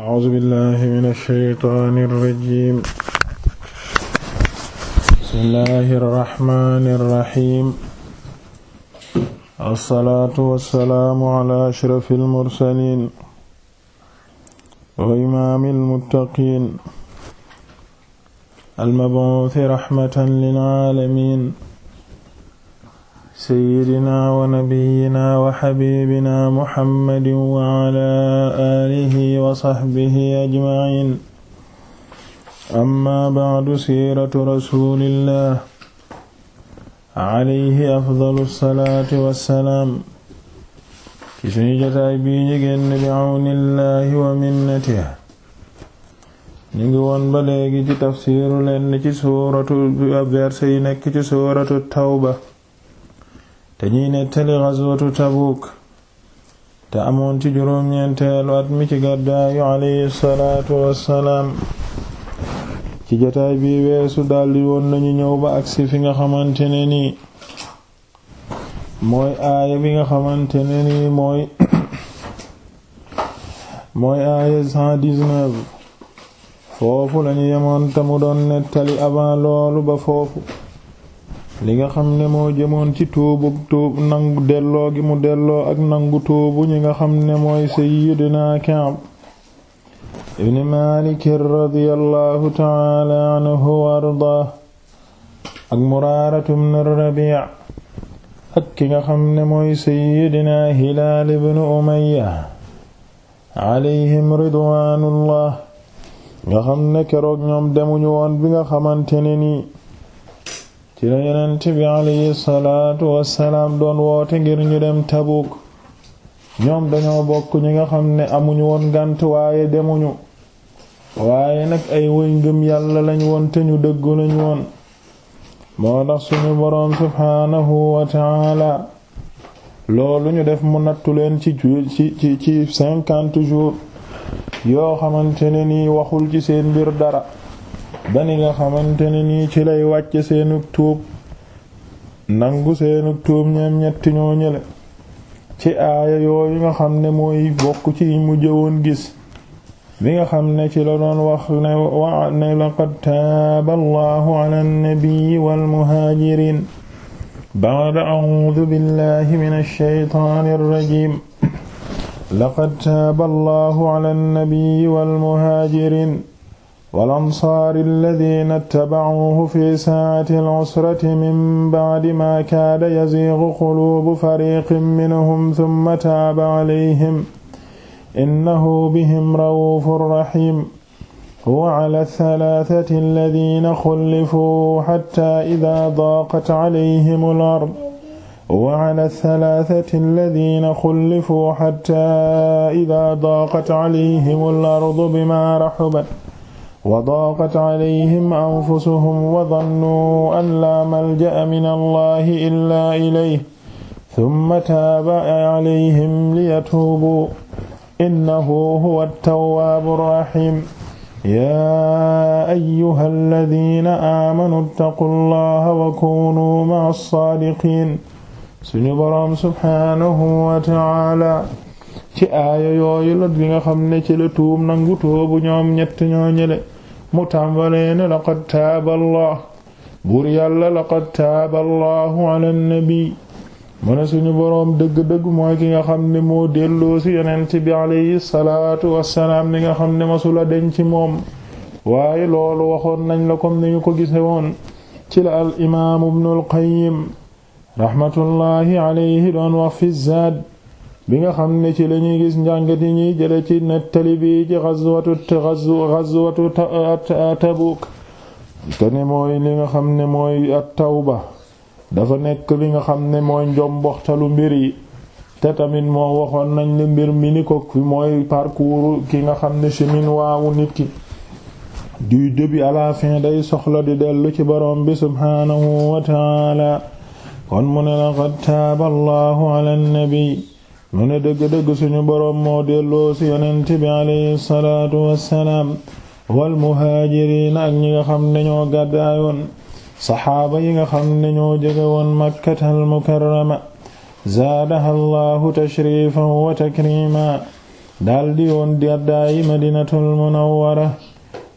أعوذ بالله من الشيطان الرجيم بسم الله الرحمن الرحيم الصلاة والسلام على أشرف المرسلين وإمام المتقين المبعوث رحمة للعالمين sayyidina wa nabiyyina wa xabibina muhammadin wa ala aalihi wa saxbihi ajmaciin amma bacdu siiratu rasulillah alayhi afdalu salaati wa salaam ci suñu jotaay bii ñu génn bi awnillahi wa minnatihi ñu ngi woon ba léegi ci tafsiiru leen ci suuratu verset yi nekk ci suuratu tawba te ñuy nettali ghazwatu Tabuk te amoon ci juróom-ñeenteelu at mi ci gàddaayu alayhi salaatu wassalaam ci jotaay bi weesu daldi woon nañu ñëw ba agsi fi nga xamantene ne nii mooy aaya bi nga xamante ne nii mooy mooy aaya 119 foofu lañu yamoon te mu doon nettali avant loolu ba foofu li nga xam ne moo jëmoon ci tuubu nangu delloo gi mu delloo ak nangu tuubu ñi nga xam ne mooy sayyidina Ka'b ibn Maalik radiyallahu ta'ala anhu wa ardaa ak Muraaratu ibn Rabi' ak ki nga xam ne mooy sayyidina Hilaal ibn Umayya alayhim ridwaanullah nga xam ne keroog ñoom demuñu woon bi nga xamante ne ci la yonent bi alayhi salaatu wassalaam doon woote ngir ñu dem Tabuk ñoom dañoo bokk ñi nga xam ne amuñu woon gànt waaye demuñu waaye nag ay woy yàlla lañ woon te ñu dëggu lañ woon moo tax suñu boroom subhaanahu wa loolu ñu def mu nattu leen ci ci ci ci cinquante jours yoo xamante ne nii waxul ci seen mbir dara bani nga xamante ne nii ci lay wàcce seenug tuub nangu seenug tuub ñoom ñetti ñoo ñële ci aaya yooyu nga xam ne mooy bokk ci mu jëwoon gis bi nga xam ne ci la doon wax ne wa ne laqad taaba allahu ala nnabii walmuhaajirin ba'da a'uudu billahi min ash-shaytaani rrajim laqad taaba allahu ala nnabii walmuhaajirin walansaar alladina tabacuuhu fi saacati alusrati min bacdi maa kaada yaziiqu quluubu fariqin minhum summa taaba calayhim innahu bihim raufun raxiim wa cala althalaatati alladina xullifuu xatta idaa daaqat calayhim alard wa cala althalaatati alladina xullifuu xatta idaa daaqat calayhim alardu bimaa raxubat wa daaqat alayhim anfusuhum wa dannuu an laa malja'a min allahi illaa ilayhi thumma taaba alayhim liyatuubuu innahu huwa at-tawwaabu ar-rahiim yaa ayyuha alladina aamanuu ittaqu allaha wa kuunuu ma'a as-saadiqiin suñu boroom subhaanahu wa ta'aala ci aaya yooyu la li nga xam ne ci la tuub nangu tuubu ñoom ñett ñoo ñële mu tàmbalee ne laqad taaba allah buur yàlla laqad taaba allahu ala nabi mu ne suñu boroom dëgg-dëgg mooy ki nga xam ne moo delloosi yonent bi alayhi salaatu wassalaam li nga xam ne masula den ci moom waaye loolu waxoon nañ la comme ni ñu ko gise woon ci la al imaamu ibnul qayyim rahmatullahi doon wax fi zaad bi nga xam ne ci la gis njàngat yi ñuy jële ci nettali bi ci ghazwatu ghazwatu Tabuk te ne mooy li nga xam ne mooy at-tawba dafa nekk li nga xam ne mooy njomboxtalu mbir yi te tamit moo waxoon nañ la mbir mi ni ko mooy parcours ki nga xam ne chemin waawu nit ki du début à day soxla di dellu ci borom bi subhaanahu wa kon mu ne laqad taaba allahu ala nabi mu ne dëgg-dëgg suñu borom moo delloo si yonent alayhi salaatu wassalaam wal muhaajiriin ak ñi nga xam ne ñoo gàddaayoon saxaaba yi nga xam ne ñoo jege woon makkatal mukarrama zaadaha allahu tashrifan wa takrima daldi woon gàddaayi madinatul munawwara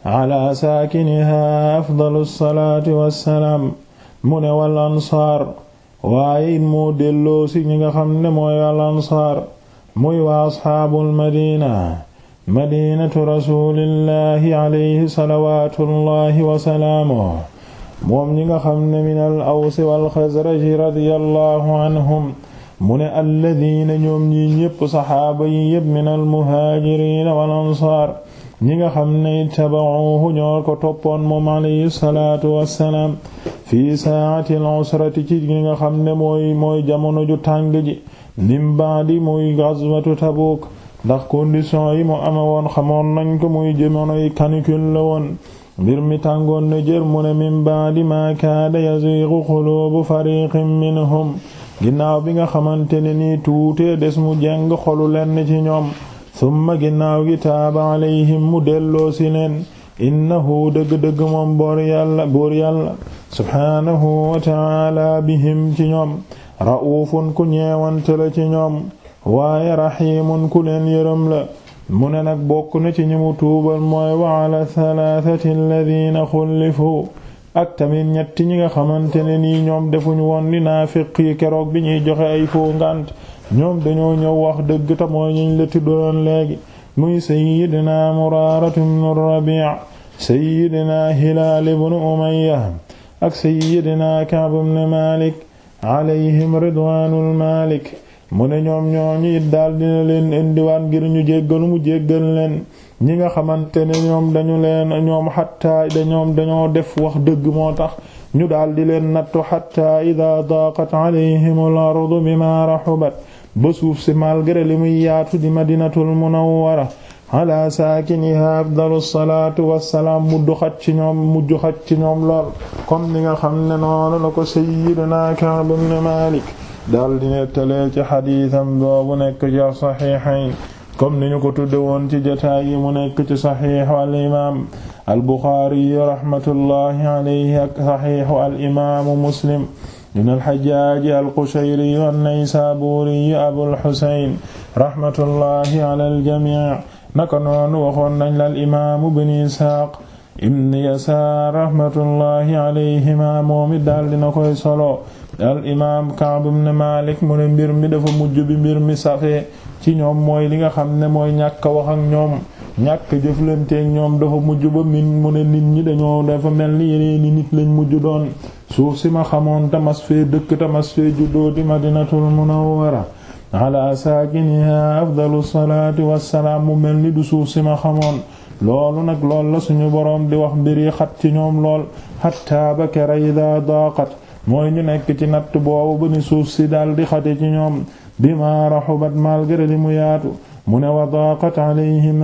ala saakiniha afdalu salaati wassalaam mu wal ansaar waaye it moo delloo ñi nga xam ne mooy al ansaar muy waa asxaabul madina madinatu rasulillahi alayhi salawatullahi wasalaamu moom ñi nga xam ne min al awsi wal xasraji radiyallahu anhum mu ne alladina ñoom ñi ñépp min al wal ansaar ñi nga xam ne ittaba'uuhu ñoo ko toppoon moom alayhi salaatu wassalaam fii saa'ati al ci nga xam ne mooy mooy jamono ju tàng ji min ba'di muy ghazwatu Tabuk ndax condition yi mu ame woon xamoon nañ ko muy jamono yi canicule woon mbir mi tàngoon na jër mu ne min ba'di maa kaada yazighu qulubu minhum ginnaaw bi nga xamante ne nii tuutee des mu jeng xolu lenn ci ñoom summa ginnaaw gi taaba alayhim mu delloosi leen innahu dëgg-dëgg moom boor yàlla boor yàlla subhaanahu wa ta'ala bihim ci ñoom ra'uufun ku ñeewante la ci ñoom waaye rahiimun ku leen yërëm la mu ne nag bokk na ci ñi mu tuubal mooy wa ala thalathati alladhina xullifu ak tamit ñetti ñi nga xamante ne nii ñoom defuñu woon li naa yi keroog bi ñuy joxe ay foo ngant ñoom dañoo ñëw wax dëgg ta mooy ñiñ la tuddoon léegi muy sayyidina Muraaratu ibnu Rabii' sayyidina Hilaal ibnu Umayya ak sayyidina Ka'b ibnu Maalik alayhim ridwaanul Maalik mu ne ñoom ñooñu it daal dina leen indiwaat ngir ñu jéggalu mu jéggal leen ñi nga xamante ne ñoom dañu leen ñoom xatta dañoom dañoo def wax dëgg moo tax ñu daal di leen nattu xatta idaa daaqat alayhimul ardu bimaa raxubat ba suuf si malgré li muy yaatu di madinatul munawwara ala saakiniha afdalu salaatu wassalaam mujj xat ci ñoom mujj xat ci nga xam ne noonu la ko sayyidina Ka'b ibn Malik daal di nettalee ci xadiisam boobu nekk ci saxiixayn comme ni ñu ko tudde woon ci jotaay yi mu nekk ci saxiixu al imaam al Buxaari saxiixu al Muslim min al-Hajjaaj al-Qushayri an-Naysaabuuri Abul Husayn rahmatullahi jamii naka noonu waxoon nañ la al-imaam ibn Ishaaq ibn Yasaar rahmatullahi alayhimaa moom it daal dina koy solo al-imaam Ka'b Maalik mu ne mbir mi dafa mujj bi mbir mi safee ci ñoom mooy li nga xam ne mooy ñàkk wax ak ñoom ñàkk jëflanteeg ñoom dafa mujj ba min mu ne nit ñi dañoo dafa mel ni yeneen nit lañ mujj doon suuf si ma xamoon tamas fee dëkk tamas fee juddoo di madinatul munawwara ala afdalu salaati wassalaam mu mel ni du suuf si ma xamoon loolu nag lool la suñu boroom di wax mbir yi xat ci ñoom lool xattaa ba kera ida daaqat mooy ñu nekk ci natt boobu ba ni suuf si daal di xate ci ñoom bima raxubat malgré li mu yaatu mu ne wa daaqat alayhim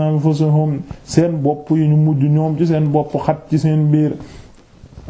seen bopp yi ñu mujj ñoom ci seen bopp xat ci seen biir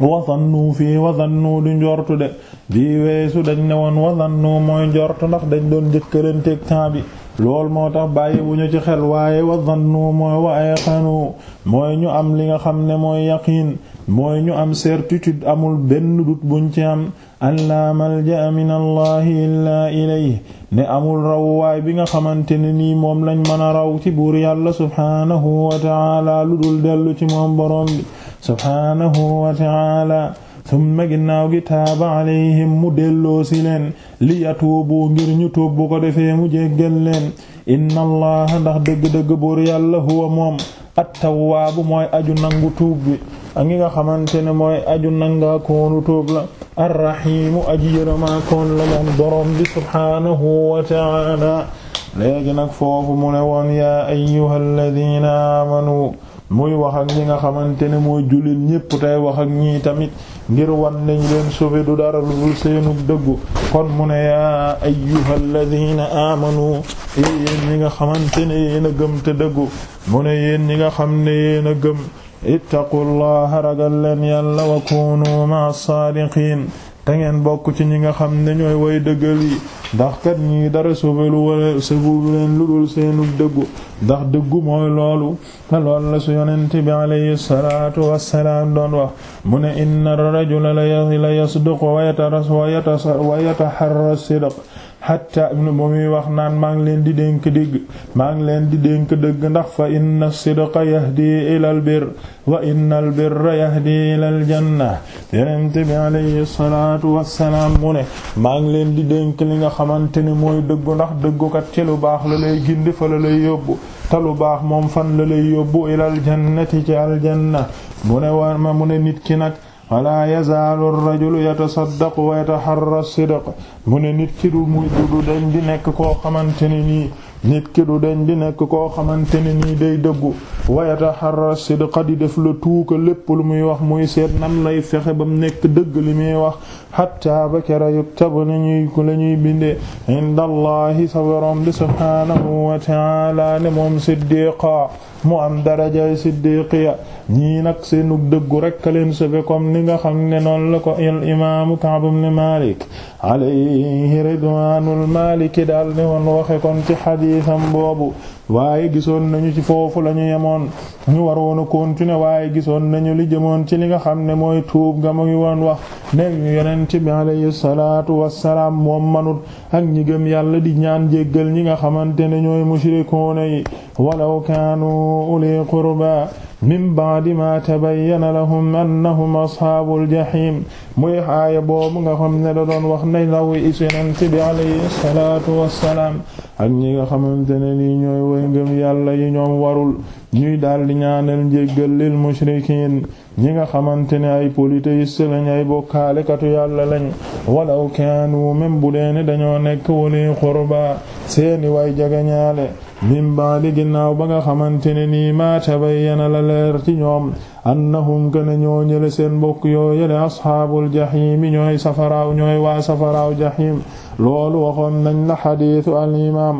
wasannu fii wasannu du njortu de bii weesu dañ ne woon wasannu mooy njortu ndax dañ doon njëkkalanteeg temps bi lool moo tax bàyyi bu ñu ci xel waaye wasannu mooy wa ayqanu mooy ñu am li nga xam ne mooy yaqiin mooy ñu am certitude amul benn dut buñ ci am an ma malja'a min allahi illaa ilayhi ne amul rawwaay bi nga xamante ne nii moom lañ mën a raw ci buur yàlla subhaanahu wa ta'aala lu dul dellu ci moom boroom bi subhaanahu wa ta'ala summa ginnaaw gi taaba alayhim mu delloosi leen li yatuubu ngir ñu tuub bu ko defee mu jéggal inna allaha ndax dëgg-dëgg buur yàlla huwa moom attawaabu mooy aju nangu tuub bi a ngi xamante ne mooy aju nangaa koonu tuub la arrahimu aji yërëmaa koon la moom boroom bi subhaanahu wa ta'ala léegi nag foofu mu ne woon yaa ayyuhal ladiina aamanu muy wax ak ñi nga xamante ne moo julit ñépp tey wax ak ñii tamit ngir wan nañ leen sauvé du dara lu seenu dëggu kon mu ne yaa ayyuhal ladina amanu yéen ñi nga xamante ne yéen a gëm te dëggu mu ne yéen ñi nga xam ne yéen a gëm ittaqullaha ragal leen yàlla wa kunu ma'as saadiqin te ngeen bokk ci ñi nga xam ne ñooy way dëgg yi ndax kat ñii dara sofelu wala safobu leen lu dul seenu dëggu ndax dëggu mooy loolu te loolu la su yonent bi alayhi salaatu wassalaam doon wax mu ne inna rajula la yasduqu wa yataharra sidq xatta ibnu ba muy wax naan maa ngi leen di dénk dégg maa ngi leen di dénk dëgg ndax fa inna sidqa yahdi ila al bir wa inna al birra yahdi ila al janna yenent bi alayhi salaatu wassalaam mu ne maa ngi leen di dénk li nga xamante ne mooy dëggu ndax dëggukat ci lu baax la lay gindi fa la lay yóbbu te lu baax moom fan la lay yóbbu ila al ci al mu ne war ma mu ne nit ki nag wala yazaalu ar-rajulu yatasaddaqu wa yataharra as-sidq nit ki du muy du dañ di nekk ko xamante ne nii nit ki du dañ di koo xamante ne nii day dëggu wa yataharra as-sidqa di def la tuuka lépp lu muy wax muy seet nan lay fexe bam nekk dëgg li muy wax hatta ba kera yuktabu la ñuy ku la ñuy bindee inda allahi sa subhanahu wa ne moom siddiqa mu am darajay siddiqiya ñii nag seenu dëggu rekk leen sëfe kom ni nga xam ne noonu la ko al imaamu Ka'b ibn Malik alayhi ridwanul maliki daal ne woon waxe kon ci xadiisam boobu waaye gisoon nañu ci foofu la ñu yemoon ñu waroon a continuer waaye gisoon nañu li jëmoon ci li nga xam ne mooy tuub nga mu ngi woon wax nekk ñu yonent bi alayhi salaatu wassalaam moom manut ak ñi gëm yàlla di ñaan jéggal ñi nga xamante ne ñooy mushrikuuna yi walaw kaanu uli qurba min ba'di ma tabayyana lahum annahum ashaabul jahiim muy aaya boobu nga xam ne da doon wax nay law yi yonent bi alayhi salaatu wassalaam ak ñi nga xamante ne nii ñooy way ngëm yàlla yi ñoom warul ñuy daldi ñaanal njéggal lil mushrikiin ñi nga xamante ne ay polythéistes lañ ay bokkaalekatu yàlla lañ walaw wu même bu deene dañoo nekk wali qurba seeni way jagañaale min ginnaaw ba nga xamante ne nii maa tabayyana la leer ci ñoom annahum kana ñoo ñële seen mbokk yoo yele asxaabul jaxiim yi ñooy safaraaw ñooy waa safaraaw jaxiim loolu waxoon nañ la xadiisu al imaam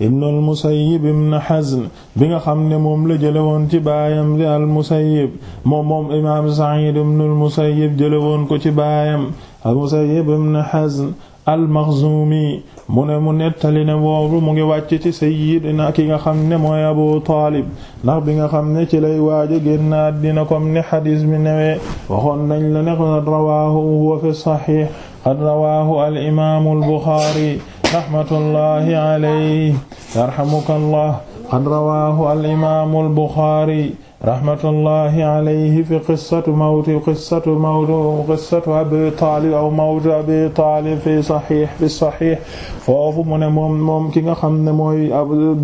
ibnu al musayyib ibn hazn bi nga xam ne moom la jële woon ci baayam di al musayyib moom moom imaam sa'id ibnu al musayyib jële woon ko ci baayam al musayyib ibn hazn al maxzumi mu ne mu nettali ne boobu mu ngi wàcc ci sayyidina ki nga xam ne mooy abu taalib ndax bi nga xam ne ci lay waaja génnaat dina comme ni xadiis bi newee waxoon nañ la ne rawaahu huwa fi saxiix qad rawaahu al imaamu al buxaari rahmatullahi alayhi yarhamukallah qad rawaahu al imaamu al buxaari rahmatullahi alayhi fi qissatu mawti qissatu mawti qissatu abi taalib aw mawti abi taalib fi saxiix fi saxiix foofu mu ne moom moom ki nga xam ne mooy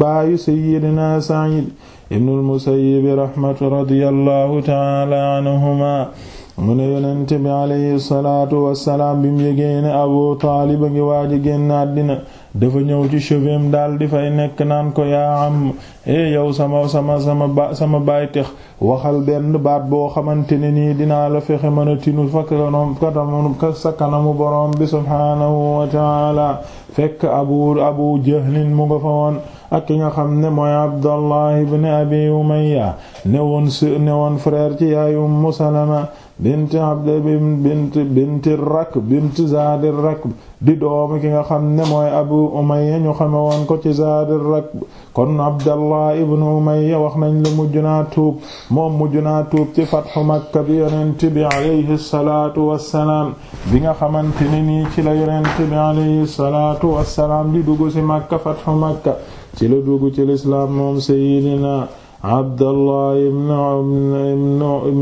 baayu sayyidina Saciid ibnul Musayyib rahmatu radiyallahu ta'ala anhuma mu ne yonent bi alayhi salaatu wassalaam bi mu yégée ne Abu Taalib a ngi waaj génn àddina dafa ñëw ci chevet daal di fay nekk naan ko yaa am e yow sama sama sama ba sama bàytex waxal benn baat boo xamante ne nii dinaa la fexe mën a tinu fakanoom katam sa kanamu boroom bi subhaanahu wa taala fekk abu abu jahlin mu nga fa woon ak ki nga xam ne mooy Abdallah ibn Abi Umayya ne woon ne ci yaay Ummu Salama bint abd bint bint rakb bint zaad rakb di doomu ki nga xam ne mooy abu umayya ñu xame woon ko ci zaad rakb kon abdallah ibn umayya wax nañ la mujj naa tuub moom mujj naa tuub ci fatxu makka bi yonent bi alayhi salaatu wassalaam bi nga xamante ne nii ci la yonent bi alayhi salaatu wassalaam di dugg ci makka fatxu makka ci la dugg ci lislaam moom sayyidina Abdallah ibn Umayya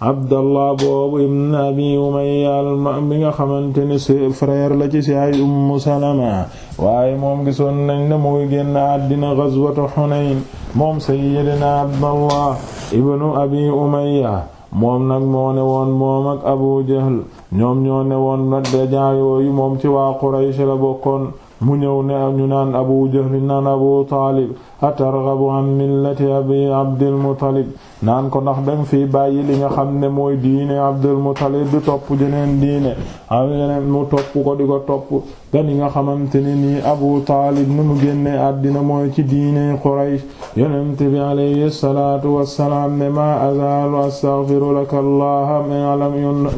Abi Umayya mi nga xamante ne frère la ci si ay Ummu Salama waaye moom gisoon nañ ne mu ngi génn àddina gazwatu Hunayn moom sayyidina Abdallah ibn Abi Umayya moom nag moo ne woon moom Abu Jahl ñoom ñoo ne woon nag dajaa moom ci waa Quraysh la bokkoon mu ñëw ne ñu naan Abu Jahl naan Abu Taalib atarghabu an millati abi abdil muttalib naan ko ndax dem fi bàyyi li nga xam ne mooy diine abdul muttalib di topp jeneen diine am yeneen mu topp ko di ko topp gan yi nga xamante ne nii abu taalib ni mu génne addina mooy ci diine quraysh yonent bi alayhi salaatu wassalaam ne ma azaalu astaghfiru laka allah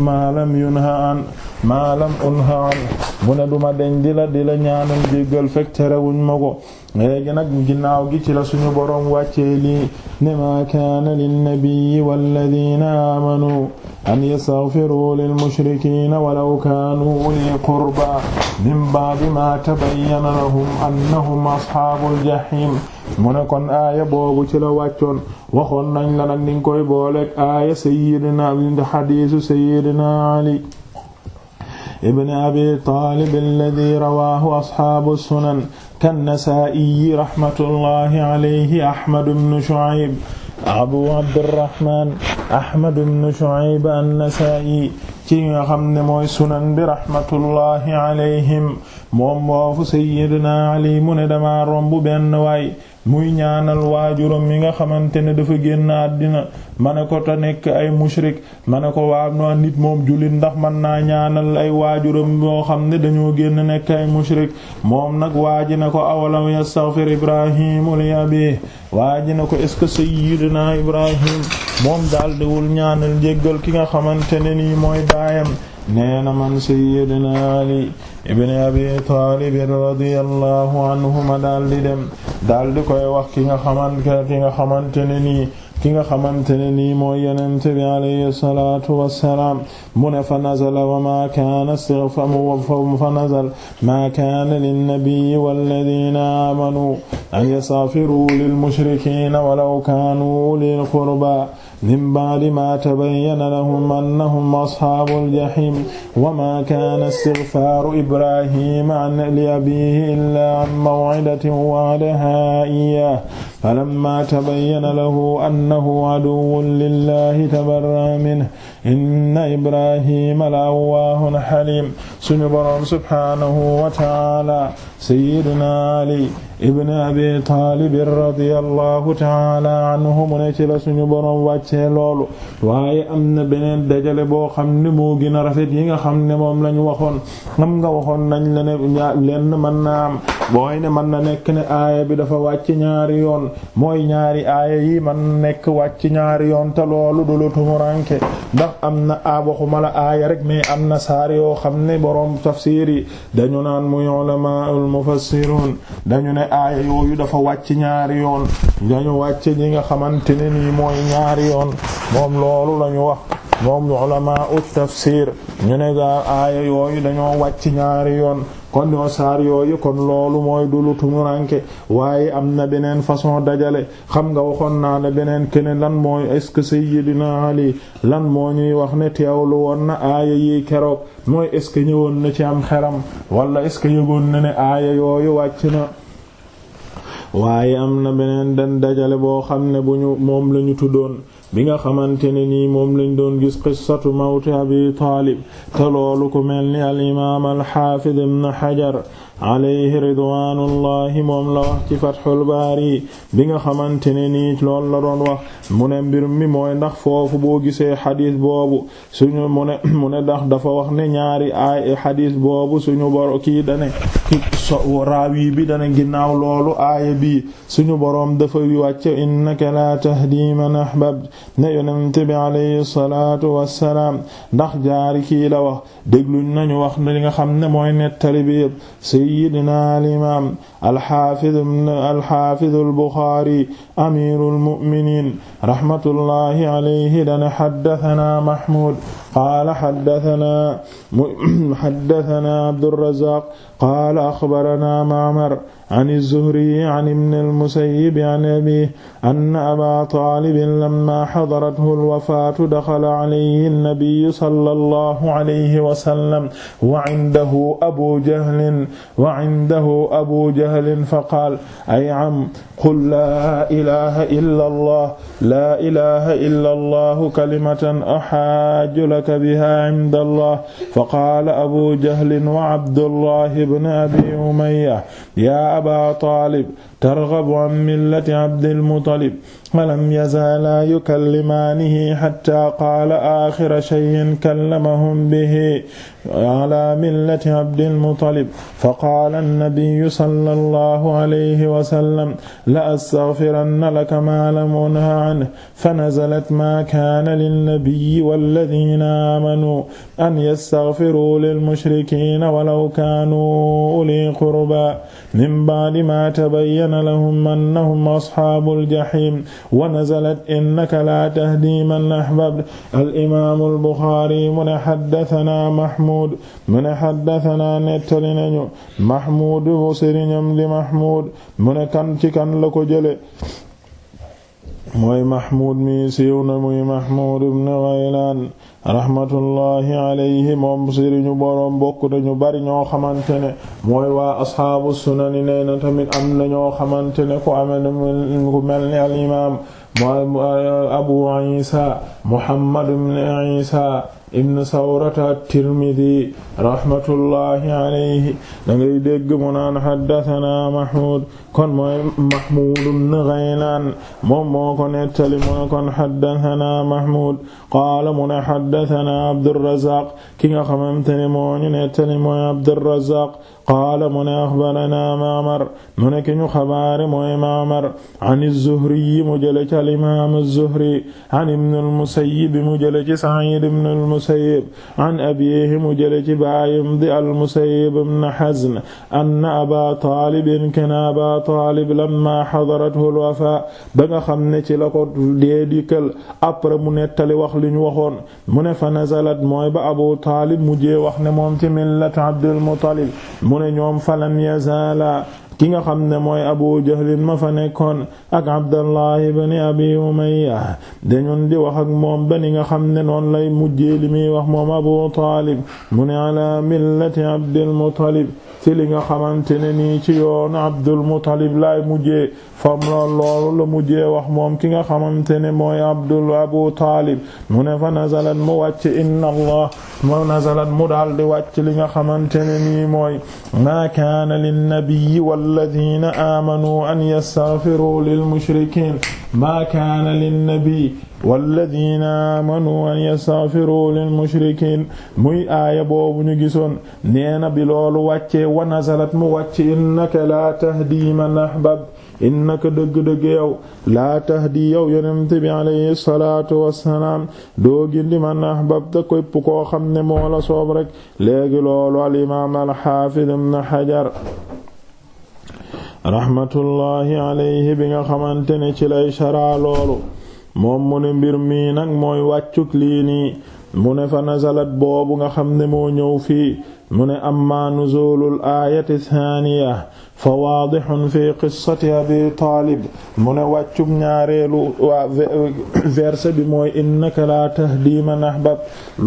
ma lam yunha an ma lam unha an mu ne duma deñ di la di la ñaanal jéggal fekk ma ko léegi nag ginnaaw gi ci la suñu boroom wàccee lii ne maa kaana linnabiyyi walladina aamanu an yastaghfiruu lilmushrikiina walaw kaanuu ulii qurbaa min ba'di maa tabayyana lahum annahum ashaabul jahiim mu ne kon aaya boobu ci la wàccoon waxoon nañ la nag niñ koy booleeg aaya sayyidina indi xadiisu sayyidina Ali ibn abi taalib alladii rawaahu ashaabu sunan kannasaa'iyi rahmatullahi alayhi ahmadu bnu shu'ayb abu abdirrahman ahmadu bnu shu'ayb annasaa'i ci nga xam ne mooy sunan bi rahmatullahi alayhim moom moofu sayyidina ali mu ne dama romb benn waay muy ñaanal waajuram mi nga xamante ne dafa génn àddina ma ne ko te nekk ay mushrik ma ne ko waa na nit moom jullit ndax man naa ñaanal ay waajuram moo xam ne dañoo génn nekk ay mushrik moom nag waa ji ne ko awalam yastaghfir ibrahimu li abi waa ji ne ko est ce que sayyidina ibrahim moom daldiwul diwul ñaanal njéggal ki nga xamante ne nii mooy baayam nee man sayyidina ibni abi taalibin radiyallahu anhuma daal di dem daal di koy wax ki nga xamante ki nga xamante ne nii ki nga xamante ne nii mooy yonent bi alayhi salaatu wassalaam mu ne fa nazala wa maa kaana istighfaaru fa nazala maa kaana linnabiyyi walladiina aamanuu an yastaghfiruu lil mushrikiina walaw kaanuu ulil qurbaa min ba'di maa tabayyana lahum annahum ashaabul jahiim wa maa kaana istighfaaru ibraahiima li abiihi illaa an maw'idatin wa'adahaa iyyaahu falammaa tabayyana lahu annahu aduwwun lillaahi tabarra'a minhu inna ibraahiima la-awwaahun haliim suñu boroom subhaanahu wa ta'aala sayyidunaa Ali ibn abi taalib radiyallahu taala anhu mu ne ci la suñu boroom wàccee loolu waaye am na beneen dajale boo xam ne moo gën a rafet yi nga xam ne moom lañu waxoon xam nga waxoon nañ la ne lenn mën naa am booy ne mën na nekk ne aaya bi dafa wàcc ñaari yoon mooy ñaari aaya yi man na nekk wàcc ñaari yoon te loolu du lu tumuranke ndax am na a waxuma la aaya rek mais am na saar yoo xam ne boroom tafsiir yi dañu naan muy ulamaa'ul mufassiruun dañu ne aaya yooyu dafa wàcc ñaari yoon dañu wàcc ñi nga xamante ne nii mooy ñaari yoon moom loolu lañu wax moom ulama ut tafsir ñu ne gaa aaya yooyu dañoo wàcc ñaari yoon kon ñoo saar yooyu kon loolu mooy du lu tumuranke waaye am na beneen façon dajale xam nga waxoon naa la beneen keneen lan mooy est-ce que Seydina Ali lan moo ñuy wax ne teewlu woon na aaya yi keroog mooy est-ce que ñëwoon na ci am xeram wala est yëgoon na ne aaya yooyu wàcc na waaye am na beneen dan dajale boo xam ne bu ñu moom la ñu tuddoon bi nga xamante ne nii moom lañ doon gis qissatu mawti abi taalib te loolu ku mel ni al imaam al xaafid ibn xajar alayhi ridwanullahi moom la wax ci fathul baari bi nga xamante ne nii loolu la doon wax mu ne mbir mi mooy ndax foofu boo gisee xadis boobu suñu mu ndax dafa wax ne ñaari aay e xadis boobu suñu boro kii dane raawi bi dane ginnaaw loolu aaya bi suñu boroom dafa wàcc innaka laa tahdi man ahbab ne yonent bi alayhi salaatu wassalaam ndax jaari kii la wax dégluñ nañu wax na li nga xam ne mooy nettali bi yëpp sayyidina al buxaari amiirul mu'miniin rahmatullahi alayhi dana xaddatana mahmud qaala xaddatana xaddatana abdurrazaaq qaala axbarana ma'mar an az-Zuhri an ibn al-Musayyib an abiihi anna Abaa Taalib lammaa hadarathu al-wafaatu daxala alayhi an-nabiyyu sallallahu alayhi wa sallam wa indahu Abuu Jahl wa indahu Abuu Jahl faqaala ay am qul laa ilaaha illallaah laa ilaaha illallaah kalimatan uhaajju laka bihaa indallaah faqaala Abuu Jahl wa Abdullaah ibn Abii Umayya aba taalib targhabu an millati abdil muttalib walam yazaalaa yukallimaanihi xatta qaala axira cheyin kallamahum bihi ala millati abdilmutalib fa qaala annabiyu sala allahu alayhi wasallam la astaxfiranna laka maa lam unha anh fa nazalat maa kaana linnabiyi walladina aamanuu an yastaxfiruu lilmushrikiina walaw kaanuu ulii qurbaa min bacdi maa tabayyana lahum annahum asxaabu aljahim wa nazalat innaka laa tahdi man ahbabta al imaamu al buxaari mu ne haddasanaa mahmuud mu ne haddasanaa nettali nañu mahmuud bu sëriñam di mahmuud mu ne kan ci kan la ko jële mooy Mahmoud mi siiw na muy Mahmoud ibn Ghaylaan rahmatullahi alayhi moom sëriñu boroom bokk dañu bari ñoo xamante ne mooy waa asxaabu sunani nee na tamit am na ñoo xamante ne ku amel ku mel ni al imaam Abu Isa Muhammad ibn Isa ibn sawrata at-tirmidhi rahmatullahi alayhi da ngay dégg mu naan haddathana mahmud kon mooy mahmud ibn ghaylan moom moo ko nettali mu ne kon haddathana mahmud qaala mu ne haddathana abdurrazzaq ki nga xamante ne moo ñu nettali mooy abdurrazzaq qaala mu ne axbarana Ma'mar mu ne ki ñu xabaare mooy Ma'mar an az-Zuhri mu jële ci al-imaam az-Zuhri an ibn al-Musayyib mu jële ci Sa'id ibn al-Musayyib an abiihi mu jële ci baayam di al-Musayyib ibn Hazn anna Abaa Taalib kana Abaa Taalib lammaa hadarathu al-wafaa ba nga xam ne ci la ko dee dikkal après mu nettali wax li ñu waxoon mu ne fa nazalat mooy ba Abu Taalib mujjee wax ne moom ci millat Abdul Muttalib mu ne ñoom falam yazaala ki nga xam ne mooy abu jahlin ma fa nekkoon ak abdallah ibn abi umayya dañun di wax ak moom ba ni nga xam ne noon lay mujjee li muy wax moom abu taalib mu ne ala millati abdul muttalib ci li nga xamante ne nii ci yoon abdul muttalib lay mujjee fam la loolu la mujjee wax moom ki nga xamante ne mooy abdul abu taalib mu ne fa nazalat mu wàcc inna allah moo nazalat mu daal di wàcc li nga xamante ne nii mooy maa kaana linnabiyi walladina aamanuu an yastaghfiruu lil mushrikiin maa kaana linnabiyi walladina aamanuu an yastaghfiruu lil mushrikiin muy aaya boobu ñu gisoon nee na bi loolu wàccee wa nazalat mu wàcc innaka laa tahdii man ahbab innaka dëgg-dëgg yow laa tahdi yow yonent bi alayhi salaatu wassalaam doo gindi man ahbabta képp koo xam ne moo la soob rek léegi loolu al imaam al xaafid ibn xajar rahmatullahi alayhi bi nga xamante ne ci lay sharaa loolu moom mu ne mbir mii nag mooy wàccuk lii nii mu ne fa nazalat boobu nga xam ne moo ñëw fii mu ne amma nuzulul aayati thaniya fa waadihun fi qissati abi taalib mu ne wàccub ñaareelu waa verset bi mooy innaka laa tahdii man ahbab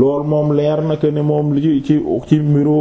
lool moom leer na ko ne moom li ci ci mbiru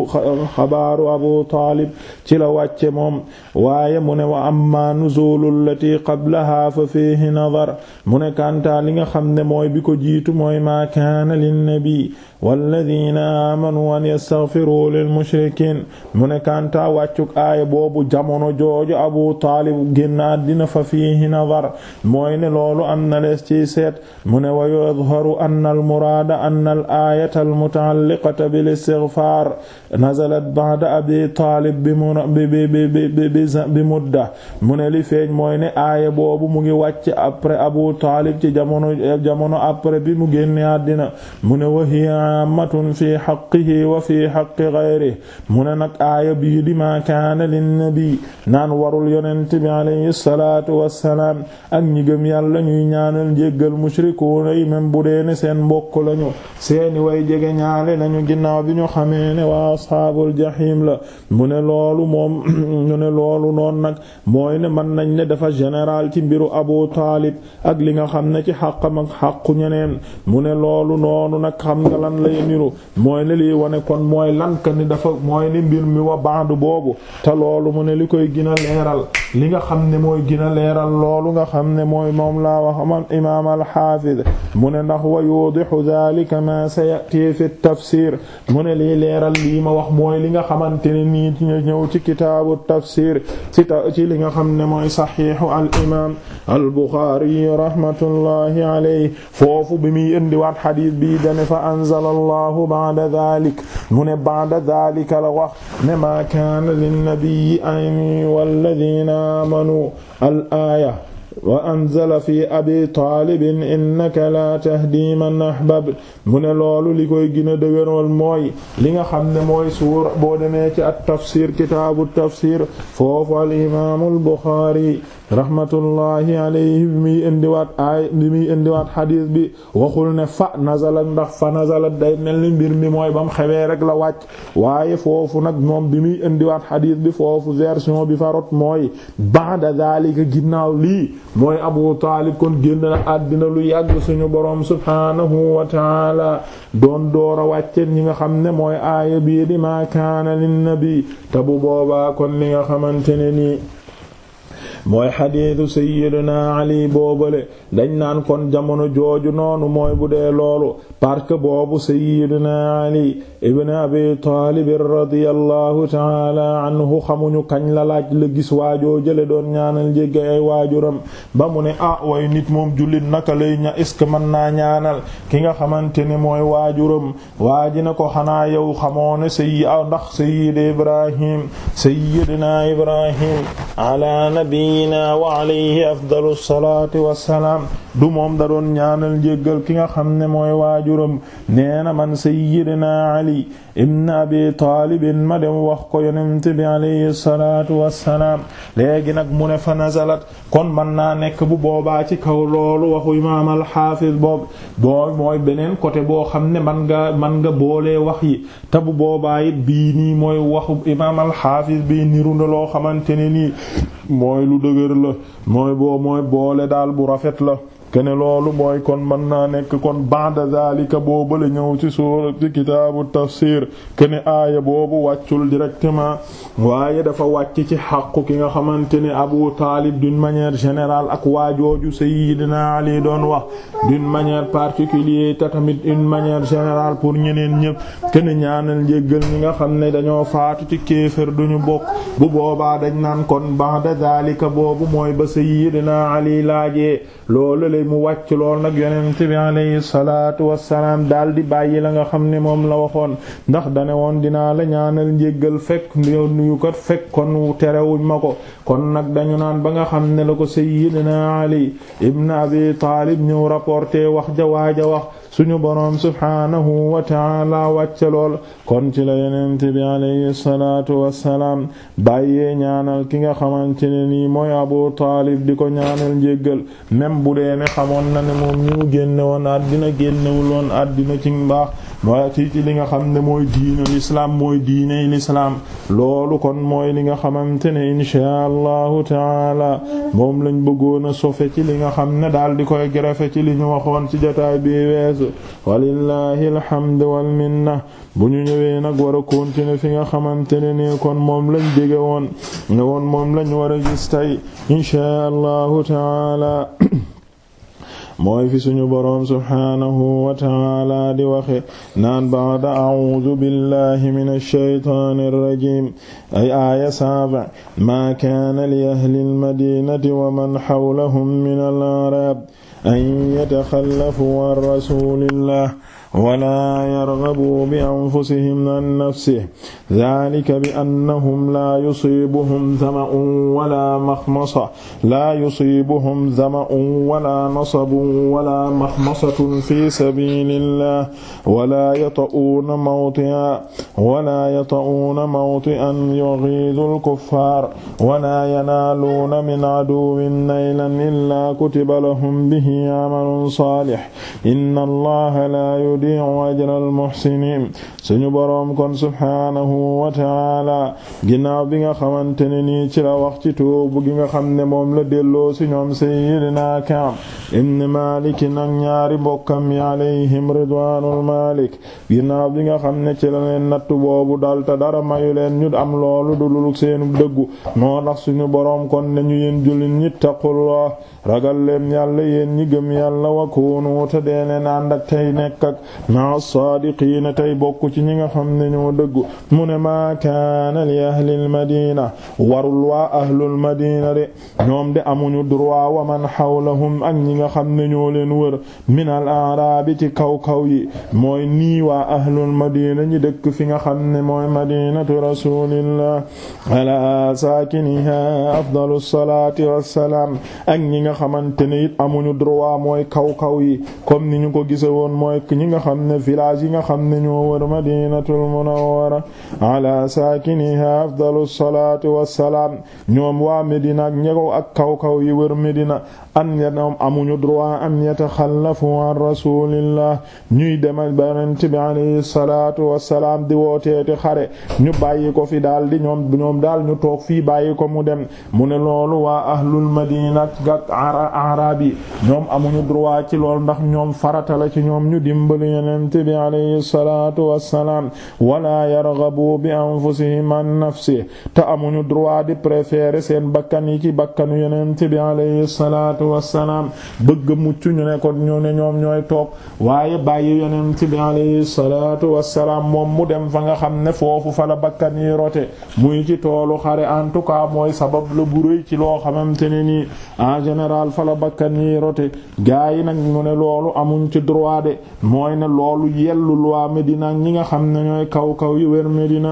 xabaaru abu taalib ci la wàcce moom waaye mu ne wa amma nuzuulu allati qablahaa fa fiihi nadar mu ne kantaa li nga xam ne mooy bi ko jiitu mooy maa kaana linnabi walladina amanu an yastaghfiru lil mushrikiin mu ne kanta wàccuk aaya boobu jamono jooju abu taalib génna dina fa fiihi nadar mooy ne loolu am na lees ci seet mu ne wa yadharu anna al muraada anna al aayata al muta'alliqata bil istighfaar nazalat ba'da abi taalib bi mu bi bi bi bi mu ne li feeñ mooy ne aaya boobu mu ngi wàcc après abu taalib ci jamono jamono après bi mu génne àddina mu ne wa hiya ammatun fi haqqihi wa fi haqqi ghayrihi mu ne nag aaya bii di ma kaana linnabi naan warul yonent bi alayhi salaatu wassalaam ak ñi gëm yàlla ñuy ñaanal njéggal mushrikuuna yi même bu dee ne seen mbokk lañu seeni way jege ñaale lañu ginnaaw bi ñu xamee ne waa asxaabul jaxiim la mu ne loolu moom ñu ne loolu noonu nag mooy ne man nañ ne dafa général ci mbiru Abu Taalib ak li nga xam ne ci xàqam ak xàqu ñeneen mu ne loolu noonu nag xam nga lan lay niru mooy ne lii wane kon mooy lan ka ni dafa mooy ni mbir mi wa baadu boobu te loolu mu ne li koy gën a leeral li nga xam ne mooy gën a leeral loolu nga xam ne mooy moom la wax man imaam al-Hafiz mu ne ndax wa yudihu dhalika ma sayati fi tafsir mu ne lii leeral lii ma wax mooy li nga xamante ne nii ñëw ci kitaabu tafsir ci ci li nga xam ne mooy saxiixu al imaam al buxaari rahmatullahi alayhi foofu bi muy indiwaat xadiis bi dane fa anzala allahu ba'da daalika mu ne ba'da daalika la wax ne maa kaana linnabiyyi an walladiina aamanu al aaya wa anzala fi abi taalibin innaka laa tahdi man ahbab mu ne loolu li koy gën a dëgëral mooy li nga xam ne mooy suur boo demee ci at tafsir kitaabu tafsir foofu al imaamul Buxaari rahmatullahi alayhi bi muy indiwaat aay bi muy indiwaat xadiis bi waxul ne fa nazalat ndax fa nazalat day mel ni mbir mi mooy ba mu xewee rek la wàcc waaye foofu nag moom bi muy indiwaat xadiis bi foofu version bi fa rot mooy ba'da zalika ginnaaw lii mooy Abu Taalib kon génn na àddina lu yàgg suñu boroom subhaanahu wa taala doon door a wàcce ñi nga xam ne mooy aaya bii di ma kaana linnabi te bu boobaa kon li nga xamante ne nii mooy xadiisu sayyidina Ali boobale dañ naan kon jamono jooju noonu mooy bu dee loolu parce que boobu sayyidina Ali ibn Abi Taalib radiyallahu taala anhu xamuñu kañ la laaj la gis waajoo jële doon ñaanal jégga ay waajuram ba mu ne ah way nit moom jullit naka lay ña est-ce que mën naa ñaanal ki nga xamante ne mooy waajuram waaji na ko xanaa yow xamoo ne sayyi ndax sayyid Ibrahim sayyidina Ibrahim ala nabi nabiyyina wa alayhi afdalu salaatu du moom da ñaanal njéggal ki nga xam ne mooy waajuram nee man sayyidina ali ibn abi taalib ma dem wax ko yonent bi alayhi salaatu léegi nag mu ne fa nazalat kon mën naa nekk bu boobaa ci kaw loolu waxu imaam al-Hafiz beneen côté boo xam ne man man nga boolee wax yi te bu boobaa mooy waxu imaam al-Hafiz niru na loo xamante ne nii mooy lu dëgër la mooy boo mooy boole daal bu rafet la kene loolu mooy kon mën naa nekk kon ba'da zalika boobu la ñëw ci suura ci kitaabu tafsir kene aaya boobu wàccul directement waaye dafa wàcc ci xàqu ki nga xamante ne Abu Taalib d'une manière général ak waajooju Sayyidina Ali doon wax d'une manière particulière te tamit une manière général pour ñeneen ñëpp kene ñaanal njéggal ñi nga xam ne dañoo faatu ci kéefër duñu bokk bu boobaa dañ naan kon ba'da zalika boobu mooy ba Sayyidina Ali laajee loolu mu wàcc lool nag yonent bi alayhi salaatu wassalaam daal di bàyyi la nga xam ne moom la waxoon ndax dane woon dinaa la ñaanal njéggal fekk nuyu kat fekk kon terewuñ ma ko kon nag dañu naan ba nga xam ne la ko sayyidina Ali ibn Abi Taalib ñëw rapporté wax ja waaja wax suñu boroom subhaanahu wa taala lool kon ci la yonent bi alayhi salaatu wassalaam bàyyee ñaanal ki nga xamante ne nii mooy Abu Taalib di ko ñaanal njéggal même bu dee ne xamoon na ne moom ñi mu génne woon àddina génnewul àddina ci mbaax mooy ci ci li nga xam ne mooy diine lislaam mooy diine lislaam loolu kon mooy li nga xamante ne inshaa allahu taala moom lañ bëggoon a sofe ci li nga xam ne daal di koy grefe ci li ñu waxoon ci jotaay bi jaz walillahi alhamdu wal minna bu ñu ñëwee nag war a fi nga xamante ni nii kon moom lañ dégge woon ne moom lañ war a gis tey taala mooy fi suñu boroom subhaanahu wa di waxe naan ba'da a'uudu billahi min ash kaana li ahli al wa man hawlahum min al an yataxallafu an rasulillah wala yarghabuu bi anfusihim an nafsihi dhalika bi annahum laa yusiibuhum dhama'un wala makhmasa laa yusiibuhum dhama'un wala nasabun wala makhmasatun fi sabilillah wala yata'uuna mawti'an wala yata'uuna mawti'an yughiidhu al-kuffaar wala yanaaluuna min 'aduwwin naylan illaa kutiba lahum bihi 'amalun saalih inna Allaha laa nudii'u ajral muhsiniin suñu boroom kon subhaanahu wa ta'aala ginnaaw bi nga xamante ne nii ci la wax ci tuubu gi nga xam ne moom la delloo si ñoom sayyidina Ka'b ibn Maalik nag ñaari mbokkam yi alayhim ridwaanul Maalik ginnaaw bi nga xam ne ci la leen nattu boobu dal te dara mayu leen ñu am loolu du luluk seen dëggu moo tax suñu boroom kon ne ñu yéen jullit ñi taqullah ragal leen yàlla yéen ñi gëm yàlla wa kuunu te dee leen ànd ak tey nekk ak ma saadiqiina tey bokk ci ñi nga xam ne ñoo dëggu mu ne maa kaana li ahlil madina warul waa ahlul madina de ñoom de amuñu droit wa man hawlahum ak ñi nga xam ne ñoo leen wër min al aarabi ci kaw-kaw yi mooy nii waa ahlul madina ñi dëkk fi nga xam ne mooy madinatu rasulillah ala saakiniha afdalu salaati wassalaam ak ñi nga xamante ne it amuñu droit mooy kaw yi comme ni ñu ko gise woon mooy ñi nga xam ne village yi nga xam ne ñoo wër madinatul a ala saakiniha afdalu salaati wassalaam ñoom waa Medina ak ak kaw yi wër Medina an ñoom amuñu droit an yataxallafu an rasulillah ñuy dema yonent bi alayhi salaatu wassalaam di wooteeti xare ñu bàyyi ko fi daal di ñoom ñoom ñu toog fii bàyyi ko mu dem mu ne loolu waa ahlul madina ak araab yi ñoom amuñu droit ci lool ndax ñu dimbali yonent bi alayhi salaatu wassalaam walaa yarghabu bi anfusihim an nafsi te amuñu droit di préférer seen bakkan yi ci bakkanu yonent bi alayhi salaatu wassalaam bëgg mucc ñu ne kon ñu ne ñoom ñooy toog waaye bàyyi yonent bi alayhi salaatu wassalaam moom mu dem fa nga xam ne foofu fa la bakkan yi rote muy ci toolu xare en tout cas mooy sabab la bu rëy ci loo xamante ne nii en général fa la bakkan yi rote gaa yi nag ñu ne loolu amuñ ci droit de mooy ne loolu yellul waa Medina ñi nga xam ne ñooy kaw kaw yi wër Medina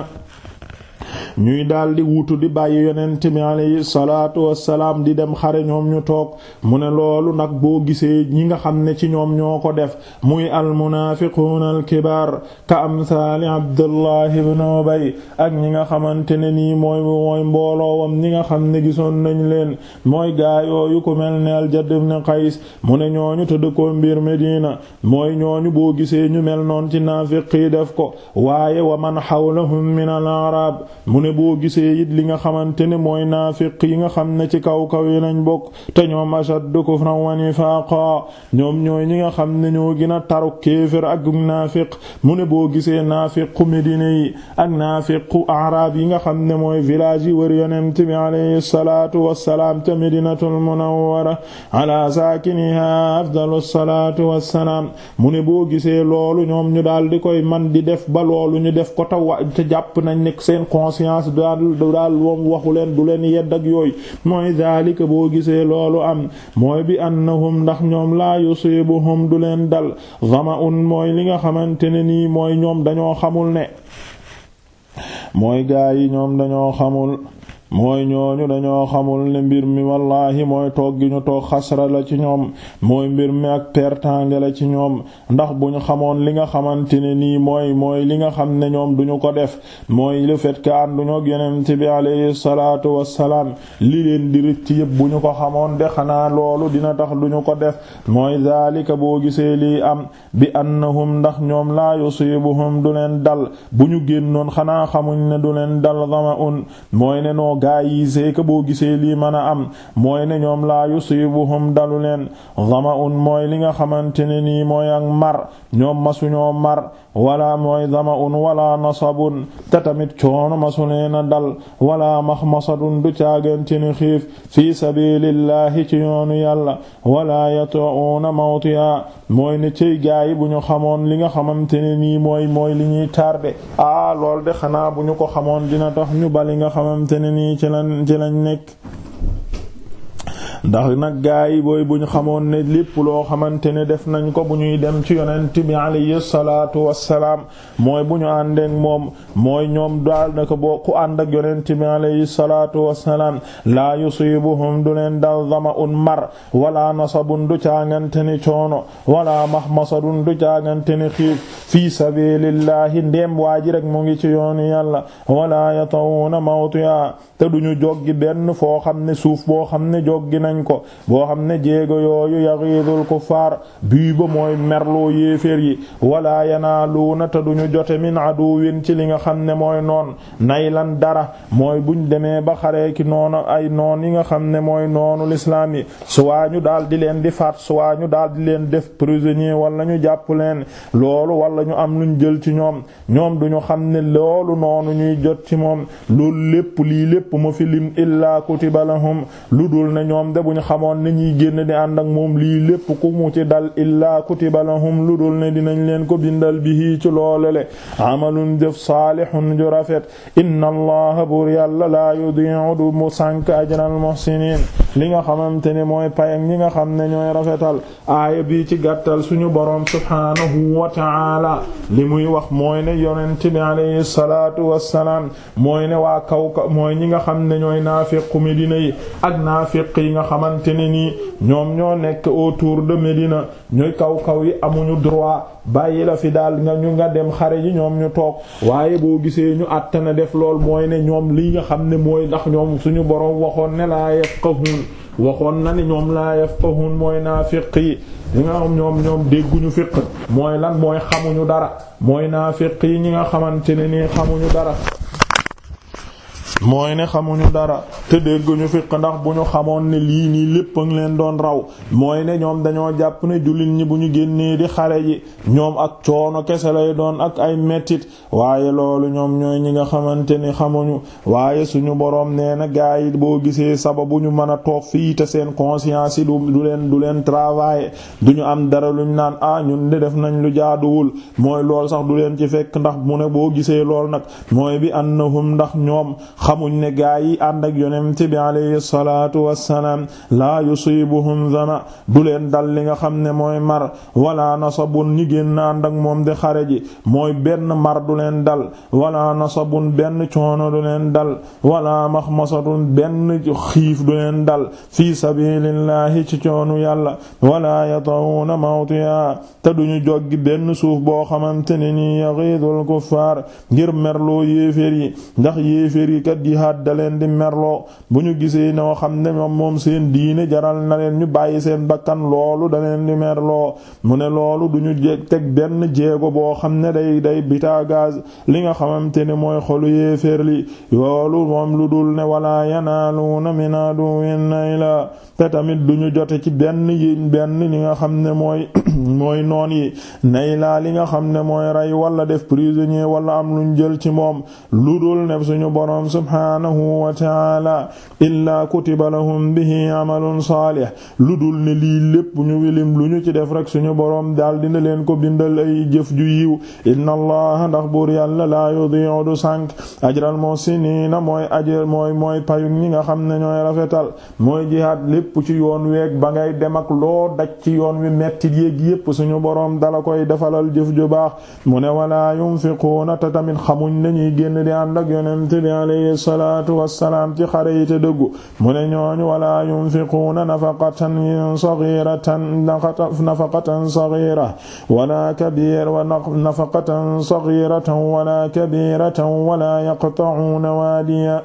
ñuy daldi wutu di bàyyi yonent mi alayhi salaatu salaam di dem xare ñoom ñu toog mu ne loolu nag boo gisee ñi nga xam ne ci ñoom ñoo ko def muy almunaafiquuna alkibaar ka amsaali abdullah ibn ubay ak ñi nga xamante ne nii mooy mooy mbooloowam ñi nga xam ne gisoon nañ leen mooy gaayooyu ko mel ne aljadd ibn qays mu ne ñooñu te dëkkoo mbir medina mooy ñooñu boo gisee ñu mel noon ci naafiqi def ko waaye wa man hawlahum min al ne boo gisee it li nga xamante ne mooy naafiq yi nga xam ne ci kaw kaw yi lañ bokk te ñoom ashaddu kufran wa nifaaqa ñoom ñooy ñi nga xam ne ñoo gën a taru kéefër ak naafiq mu ne boo gisee naafiqu Medina yi ak naafiqu arab yi nga xam ne mooy village yi wër yonent bi alayhi salaatu wassalaam ca Madinatul Munawwara ala saakiniha afdalu salaatu wassalaam mu ne boo gisee loolu ñoom ñu daal di koy man di def ba loolu ñu def ko taw te jàpp nañ ne seen conscience violence daal du daal moom waxu leen du leen yedd ak yooyu mooy daalika boo gisee loolu am mooy bi annahum ndax ñoom laa yusibuhum du leen dal zama'un mooy li nga xamante ne nii mooy ñoom dañoo xamul ne mooy gaa yi ñoom dañoo xamul mooy ñooñu dañoo xamul ne mbir mi wallaahi mooy toog gi ñu toog xasra la ci ñoom mooy mbir mi ak pertange la ci ñoom ndax bu ñu xamoon li nga xamante ne nii mooy mooy li nga xam ne ñoom duñu ko def mooy le fait que ànduñu ak yonent bi alayhi li leen di rëcc yëpp bu ñu ko xamoon de xanaa loolu dina tax duñu ko def mooy daalika boo gisee lii am bi annahum ndax ñoom laa yusibuhum du leen dal bu ñu génnoon xanaa xamuñ ne du leen dal dhama'un mooy ne gaa yi seeka boo gisee lii mën a am mooy ne ñoom laa yusibuhum dalu leen dama un mooy li nga xamante ne nii mooy ak mar ñoom masuñoo mar wala mooy dama un wala nasabun te tamit coono masuleena dal wala max maxmasadun du caagante ni xiif fi sabilillahi ci yoonu yàlla wala yata'una mawtiya mooy ne cey gaayi bu ñu xamoon li nga xamante ne nii mooy mooy li ñuy tardé ah lool de xanaa bu ñu ko xamoon dina tax ñu bali nga xamante ne nii ci lañ ci lañ nekk ndax nag gaa yi booy bu ñu xamoon ne lépp loo xamante ne def nañ ko bu ñuy dem ci yonent bi alayhi salaatu wassalaam mooy bu ñu àndeek moom mooy ñoom daal naka boo ku ànd ak yonent bi alayhi salaatu wassalaam laa yusibuhum du leen dal dama'un mar wala nasabun du caagante ni coono wala mahmasadun du caagante ni xiif fii sabilillahi ndeem waa ji rek mu ngi ci yoonu yàlla wala yatawuna mawtiya te duñu joggi benn foo xam ne suuf boo xam ne joggi na nañ ko boo xam ne jéego yooyu yaghidul kuffar bii ba mooy merloo yéeféer yi wala yanaaluuna te duñu jote min aduwin ci li nga xam ne mooy noon naylan dara mooy buñ demee ba xaree ki noonu ay noon yi nga xam ne mooy noonu lislaam yi suwaa ñu daal di leen di faat suwaa ñu daal di leen def prisonnier wala ñu jàpp leen loolu wala ñu am luñ jël ci ñoom ñoom duñu xam ne loolu noonu ñuy jot ci moom loolu lépp lii lépp mu fi lim illaa lu dul ne ñoom de bu ñu xamoon ni ñuy génn di ànd ak moom lii lépp ku mu ci dal illaa kutiba lahum lu dul ne dinañ leen ko bindal bi bihi ci loole le amalun jëf saalihun ju rafet inna allaha buur yàlla laa yudi'u du mu sànk ajral muhsinin li nga xamante ne mooy payak ñi nga xam ne ñooy rafetal aaya bi ci gàttal suñu boroom subhaanahu wa ta'ala li muy wax mooy ne yonent bi alayhi salaatu wassalaam mooy ne waa kaw mooy ñi nga xam ne ñooy naafiqu Medina yi ak naafiq nga xamante ne nii ñoom ñoo nekk autour de Médina ñooy kaw kaw yi amuñu droit bàyyi la fi daal nga ñu nga dem xare yi ñoom ñu toog waaye boo gisee ñu àttana def lool mooy ne ñoom li nga xam ne mooy ndax ñoom suñu boroom waxoon ne laa yafqahun waxoon na ne ñoom laa yafqahun mooy naafiq yi li nga xam ñoom ñoom dégguñu fiq mooy lan mooy xamuñu dara mooy naafiq yi ñi nga xamante ne nii xamuñu dara mooy ne xamuñu dara te ñu fiq ndax bu ñu xamoon ne lii nii lépp leen doon raw mooy ne ñoom dañoo jàpp ne jullit ñi bu ñu génnee di xare ji ñoom ak coono kese lay doon ak ay mettit waaye loolu ñoom ñooy ñi nga xamante ni xamuñu waaye suñu boroom nee na gaa yi boo gisee sababu ñu mën a toog fii te seen conscience yi du du leen du leen travailler duñu am dara luñ naan ah ñun de def nañ lu jaaduwul mooy lool sax du leen ci fekk ndax mu ne boo gisee lool nag mooy bi annahum ndax ñoom xamuñ ne gaa yi ànd ak yonent bi alayhi salaatu wassalaam laa yusibuhum dana du leen dal li nga xam ne mooy mar wala nasabun ñi génn ànd ak moom di xare ji mooy benn mar du leen dal wala nasabun benn coono du leen dal wala maxmasatun benn xiif du leen dal fi sabilillahi ci coonu yàlla wala yatawuna mawtiya te duñu joggi benn suuf boo xamante ne ni yaghidul kuffar ngir merloo yéeféer yi ndax yéeféer yi kat ak jihaad da leen di merloo bu ñu gisee noo xam ne moom moom seen diine jaral na ñu bàyyi seen bakkan loolu da leen di merloo mu ne loolu duñu ñu teg benn jéego boo xam ne day day bita gaz li nga xamante ne mooy xolu yéeféer li loolu moom lu dul ne wala yanaaluuna min aduwwin ila te tamit lu ñu jote ci benn yi benn li nga xam ne mooy mooy noon yi nay laa li nga xam ne mooy rey wala def prisonnier wala am luñ jël ci moom lu dul ne suñu boroom subhaanahu wa taala illaa kutiba lahum bihi amalun saalih lu dul ne lii lépp ñu wilim lu ñu ci def rek suñu boroom daal dina leen ko bindal ay jëf ju yiw inna ndax buur yàlla laa yudi'u du sànk ajral muhsiniina mooy ajr mooy mooy payug ñi nga xam ne ñooy rafetal mooy lépp lépp ci yoon weeg ba ngay dem ak loo daj ci yoon wi mettit yéeg yépp suñu borom dala koy defalal jëf ju baax mu ne walaa yunfiquuna te tamit xamuñ nañuy génn di ànd ak yonent bi alayhi salaatu wassalaam ci xare yi te dëggu mu ne ñooñu walaa yunfiquuna nafaqatan saghiratan nafaqatan saghira wala kabira wa nafaqatan saghiratan wala kabiratan wala yaqta'una waadiya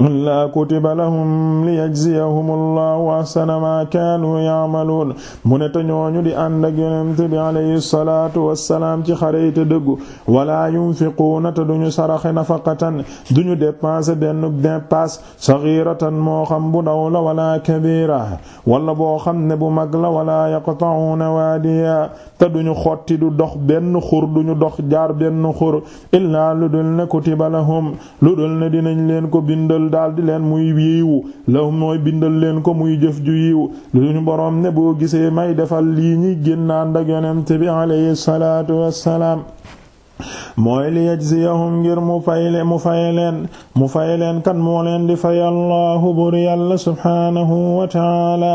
illa kutiba lahum liyajziyahum allah ahsana ma kaanu ya'maluun mu ne te ñooñu di ànd ak yonent bi alayhi salaatu wassalaam ci xare yi te dëggu wala yunfiquuna te duñu saraxe nafaqatan duñu dépenser benn dépense saghiratan moo xam bu ndaw la wala kabira wala boo xam ne bu mag la wala yaqta'uuna waadiya te duñu xotti du dox benn xur duñu dox jaar benn xur illaa lu dul ne kutiba lahum lu dul ne dinañ leen ko bindal daal di leen muy yiwu lahum mooy bindal leen ko muy jëf jëf ju yiw lu boroom ne boo gisee may defal lii ñi génnaan ak yonent bi alayhi salaatu wassalaam mooy li yajziyahum ngir mu fay leen mu fay leen mu fay leen kan moo leen di fay allahu bur yàlla subhaanahu wa taala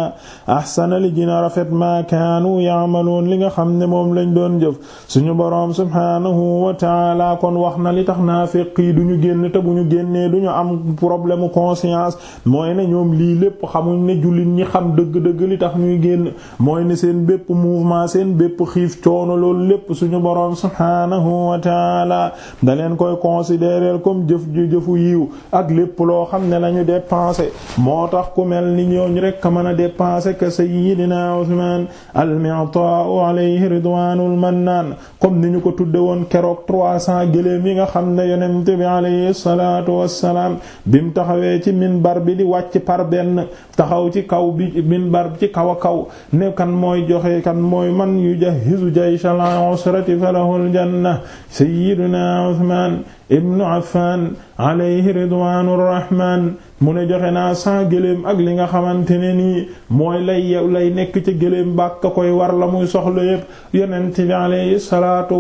ahsana li gina rafet maa kaanu yaamaluun li nga xam ne moom lañ doon jëf suñu boroom subhaanahu wa taala kon wax na li tax naafiq yi duñu génn te bu ñu génnee du am problème conscience mooy ne ñoom lii lépp xamuñ ne jullit ñi xam dëgg-dëgg li tax ñuy génn mooy ne seen bépp mouvement seen bépp xiif coono loolu lépp suñu boroom subhaanahu wa taala da leen koy considérer comme jëf ju jëfu yiw ak lépp loo xam ne lañu ñu dépensé moo tax ku mel ni ñooñu rek mën a dépensé que sayyidina Usman al-mi'ta'u alayhi ridwanul mannan comme ni ñu ko tudde woon keroog trois cents gëléem yi nga xam ne yonent bi alayhi salaatu wassalaam bim taxawee ci minbar bi di wàcc par benn taxaw ci kaw bi minbar bi ci kaw kaw ne kan mooy joxe kan mooy man yujahizu jaysha al-usrati falahul janna sayyiduna Usmaan ibnu Affaan alayhi ridwaanu mu ne joxe naa cent gëléem ak li nga xamante ne nii mooy lay lay nekk ca gëléem bàkka koy war la muy soxla yépp yonent bi alayhi salaatu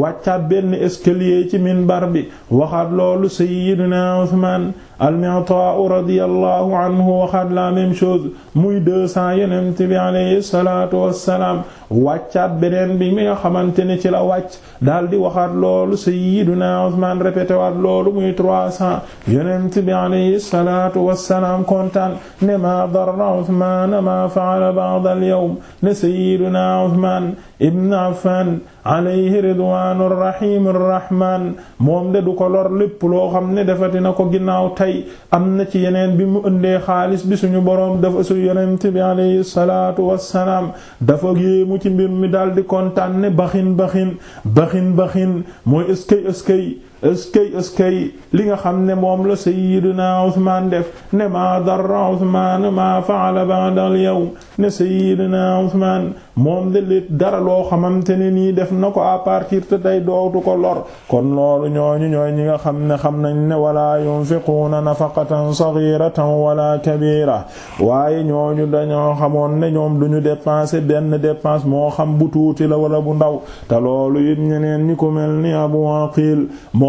wàccaat benn escalier ci minbar bi waxaat loolu sayyiduna Usmaan al-Mi'taa radiyallahu anhu waxaat la même chose muy deux cents yonent bi alayhi salaatu wassalaam wàccaat beneen bi mi nga xamante ne ci la wàcc daal di waxaat loolu sayyiduna Usmaan répété waat loolu muy trois cents yonent bi alayhi salaatu wassalaam kontaan ne maa darra Usmaan maa fa'ala ba'da al-yawm ne sayyiduna Usmaan ibn Affaan alayhi ridwaanu rahim rahman moom de du ko lor lépp loo xam ne defati na ko ginnaaw tey am na ci yeneen bi mu indee xaalis bi suñu boroom dafa su yonent bi alayhi salaatu wassalaam dafa yéemu ci mbir mi daal di kontaan ne baxin baxin baxin baxin mooy ëskay ëskay ëskay ëskay li nga xam ne moom la sayyidina Usmaan def ne maa darra Usmaan maa fa'ala ba'da al-yawm ne sayyidina Usmaan moom de lépp dara loo xamante ne nii def na ko à partir de tey dootu ko lor kon loolu ñooñu ñooy ñi nga xam ne xam nañ ne wala yunfiquuna nafaqatan saghiratan wala kabira waaye ñooñu dañoo xamoon ne ñoom duñu dépenser benn dépense moo xam bu tuuti la wala bu ndaw te loolu it ñeneen ñi ko mel ni Abu Aqil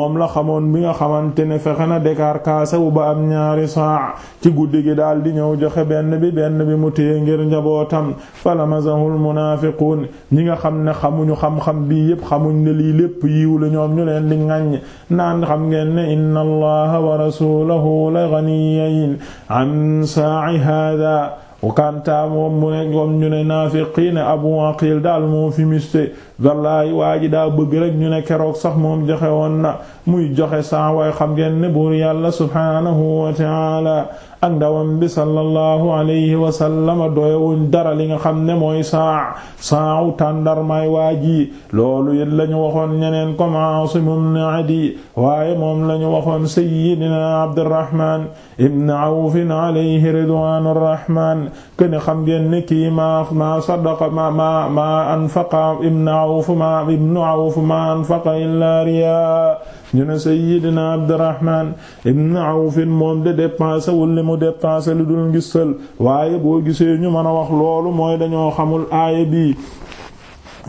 moom la xamoon bi nga xamante ne fexe na décarcassé wu ba am ñaari saa ci guddi gi daal di ñëw joxe benn bi benn bi mu téye ngir njabootam falamazahul munaafiquun ñi nga xam ne xamuñu xam-xam bii yépp xamuñ ne lii lépp yiw la ñoom ñu leen di ŋaññ naan xam ngeen ne inna allaha wa rasulahu la ghaniyin an sa'i hada ukanta moom mu ne comme ñu ne naafiqiin abu aqil daal moo fi miste wallaahi waa ji daa bëgg rek ñu ne keroog sax moom joxe woon na muy joxe saa xam ngeen ne buur yàlla subhaanahu wa taala ak ndawam bi sallallahu wa sallama doyawuñ dara li nga xam ne mooy saa saawu tàndarmaay waa ji loolu yit la waxoon ñeneen comme Aasim ibn Adi waaye moom lañu ñu waxoon sayyidina Abdurrahman ibn Awf alayhi ridwaanu rahmaan ken xam ngeen ne kii ma ma ma ma ma ibn Awf ma ibn Awf riyaa ñu ne sa sayyidina Abdurrahman ibn Awf moom de dépensé wul li mu dépensé lu dul ngistal waaye boo gisee ñu mën a wax loolu mooy dañoo xamul aaya bii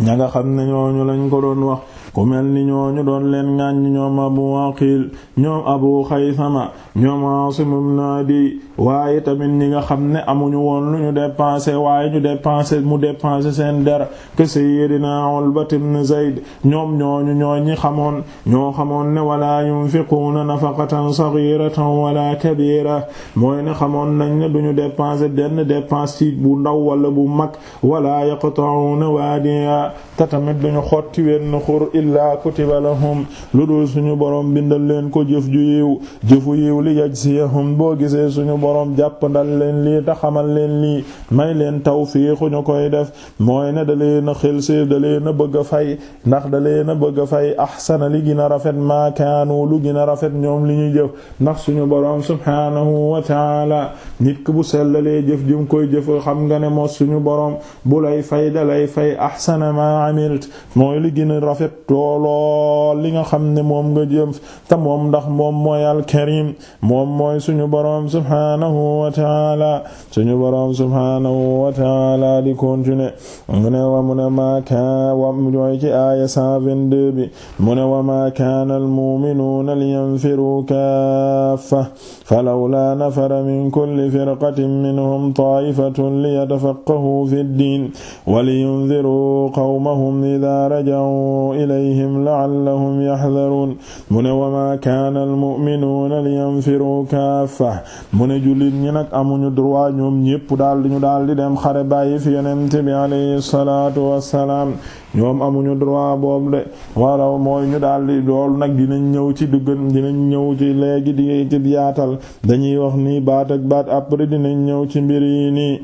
ña nga xam ne ñooñu lañ ko doon wax ku mel ni ñooñu doon leen ŋàññ ñoom abu aqil ñoom abu xaysama ñoom asim ibn adi waaye tamit ñi nga xam ne amuñu woon lu ñu dépensé waaye ñu dépensé mu dépensé seen der ke sayyidina ulbat na zayd ñoom ñooñu ñooñi xamoon ñoo xamoon ne wala yunfiquuna nafaqatan saghiratan wala kabira mooy ne xamoon nañ ne duñu dépensé denn dépense ci bu ndaw wala bu mag wala yaqta'una wadiya ta tamit duñu xotti wenn xur illaa kutiba lahum lu dul suñu boroom bindal leen ko jëf ju yiw jëfu yiw li yajziyahum boo gisee suñu borom jàpp ndal leen lii ta xamal leen lii may leen tawfiixu ñu koy def mooy ne da leen a xel seef bëgg a fay ndax da leen a bëgg fay ahsana li gën a rafet maa lu gën a rafet ñoom li ñuy jëf ndax suñu borom subhaanahu wa taala nit ki bu sellalee jëf jëm koy jëf xam nga ne moo suñu borom bu lay fay da lay fay ahsana ma amilt mooy li gën rafet looloo li nga xam ne moom nga jëm te moom ndax moom mooy alkarim moom mooy suñu boroom subhanahu wa taala suñu boroom subhanahu wa taala di continuer mu ne wa mu ne maa kaan wa ñooy ci aaya 122 bi mu ne wa maa kaana almuminuuna liyanfiru kaaffa falawlaa nafara min kulli firqatin minhum taa'ifatun liyatafaqqahuu fi ddiin wa liyunziruu qawmahum idaa raja'uu ilayhim alayhim la'allahum yahdaruun mu ne wa maa kaana almu'minuuna liyanfiruu kaaffa mu ne jullit ñi nag amuñu droit ñoom ñépp daal di ñu daal di dem xare bàyyi fi yonent bi alayhi salaatu wassalaam ñoom amuñu droit boobu de waraw mooy ñu daal di lool nag dinañ ñëw ci duggan dinañ ñëw ci léegi di ci yaatal dañuy wax nii baat ak baat après dinañ ñëw ci mbir yi nii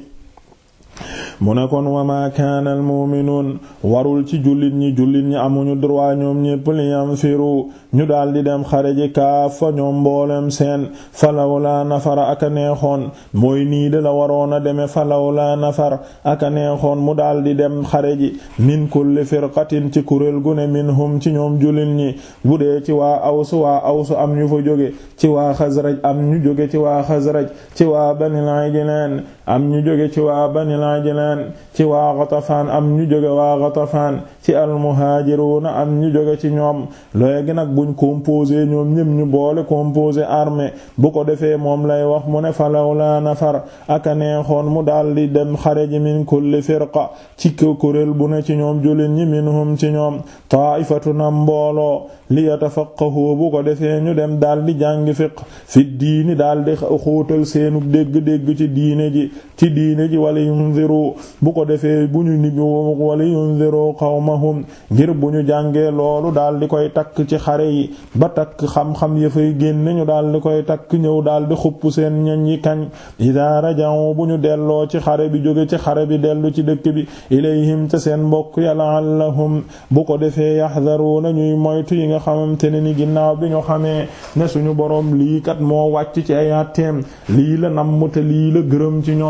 mu ne kon wa maa kaana al mu'minuun warul ci jullit ñi jullit ñi amuñu droit ñoom ñépp li yanfiru ñu daal di dem xare ji kaafa ñoom mboolem seen falawla nafara ak neexoon mooy nii de la waroon a demee falawlaa nafar ak neexoon mu daal di dem xare ji min kulli firqatin ci kuréel gu ne minhum ci ñoom jullit ñi bu dee ci waa aws waa aws am ñu fa jóge ci waa xasraj am ñu jóge ci waa xasraj ci waa banil ajlan am ñu jóge ci waa banil ajlan ci waa Ghatafan am ñu jóge waa Ghatafan ci na am ñu jóge ci ñoom gi nag buñ composé ñoom ñépp ñu boole composé armée bu ko defee moom lay wax mu ne falawla nafar aka neexoon mu daldi dem xare ji min kulli firqa ci kuréel bu ne ci ñoom julin ñi minhum ci ñoom taa'ifatun am mbooloo li yatafaqahu bu ko defee ñu dem daldi jàngi fiq fi diini daldi xuutal seenu dégg-dégg ci diine ji ci diine ji wala yunziru bu ko defee bu ñu nit wala yunziru qawmahum ngir bu ñu jàngee loolu daal di koy takk ci xare yi ba takk xam-xam ya fay génn ñu daal di koy takk ñëw daal di xupp seen ñañ yi kañ idaa raja'u bu ñu delloo ci xare bi jóge ci xare bi dellu ci dëkk bi ilayhim ca seen mbokk ya la'allahum bu ko defee yahzaruna ñuy moytu yi nga xamante ne ni ginnaaw bi ñu xamee ne suñu boroom lii kat moo wàcc ci ay atteem lii la namm te lii la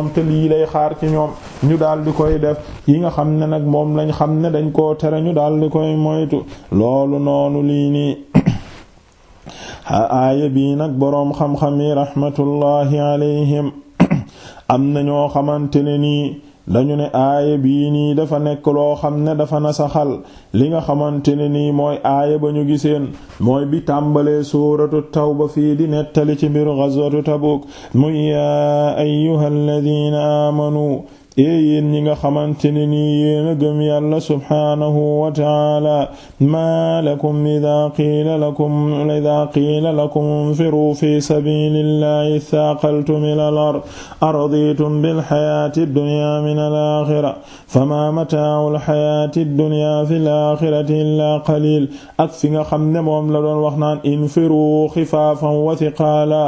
ñoom te lay xaar ci ñoom ñu daal di koy def yi nga xam ne nag moom lañ xam ne dañ koo tere ñu daal di koy moytu loolu noonu lii nii aaya bii nag boroom xam-xam yi rahmatullahi alayhim am na ñoo xamante ne nii dañu ne aaya bii nii dafa nekk loo xam ne dafa nasaxal li nga xamante ne nii mooy aaya ba ñu giseen mooy bi tàmbalee suuratu tawba fii di nettali ci mbiru ghazwatu Tabuk muy yaa ayyuhal ladina ee yéen ñi nga xamante ne nii yéen a gëm yàlla subhaanahu wa taala maa lakum idaa qiila lakum idaa qiila lakum nfiru fi sabilillahi saaqaltum ilal ard araditum bilxayaati dunya min alaaxira famaa mataaul xayaati dunya fi laaxirati illaa qaliil ak fi nga xam ne moom la doon wax naan infiru xifaafan wa siqaala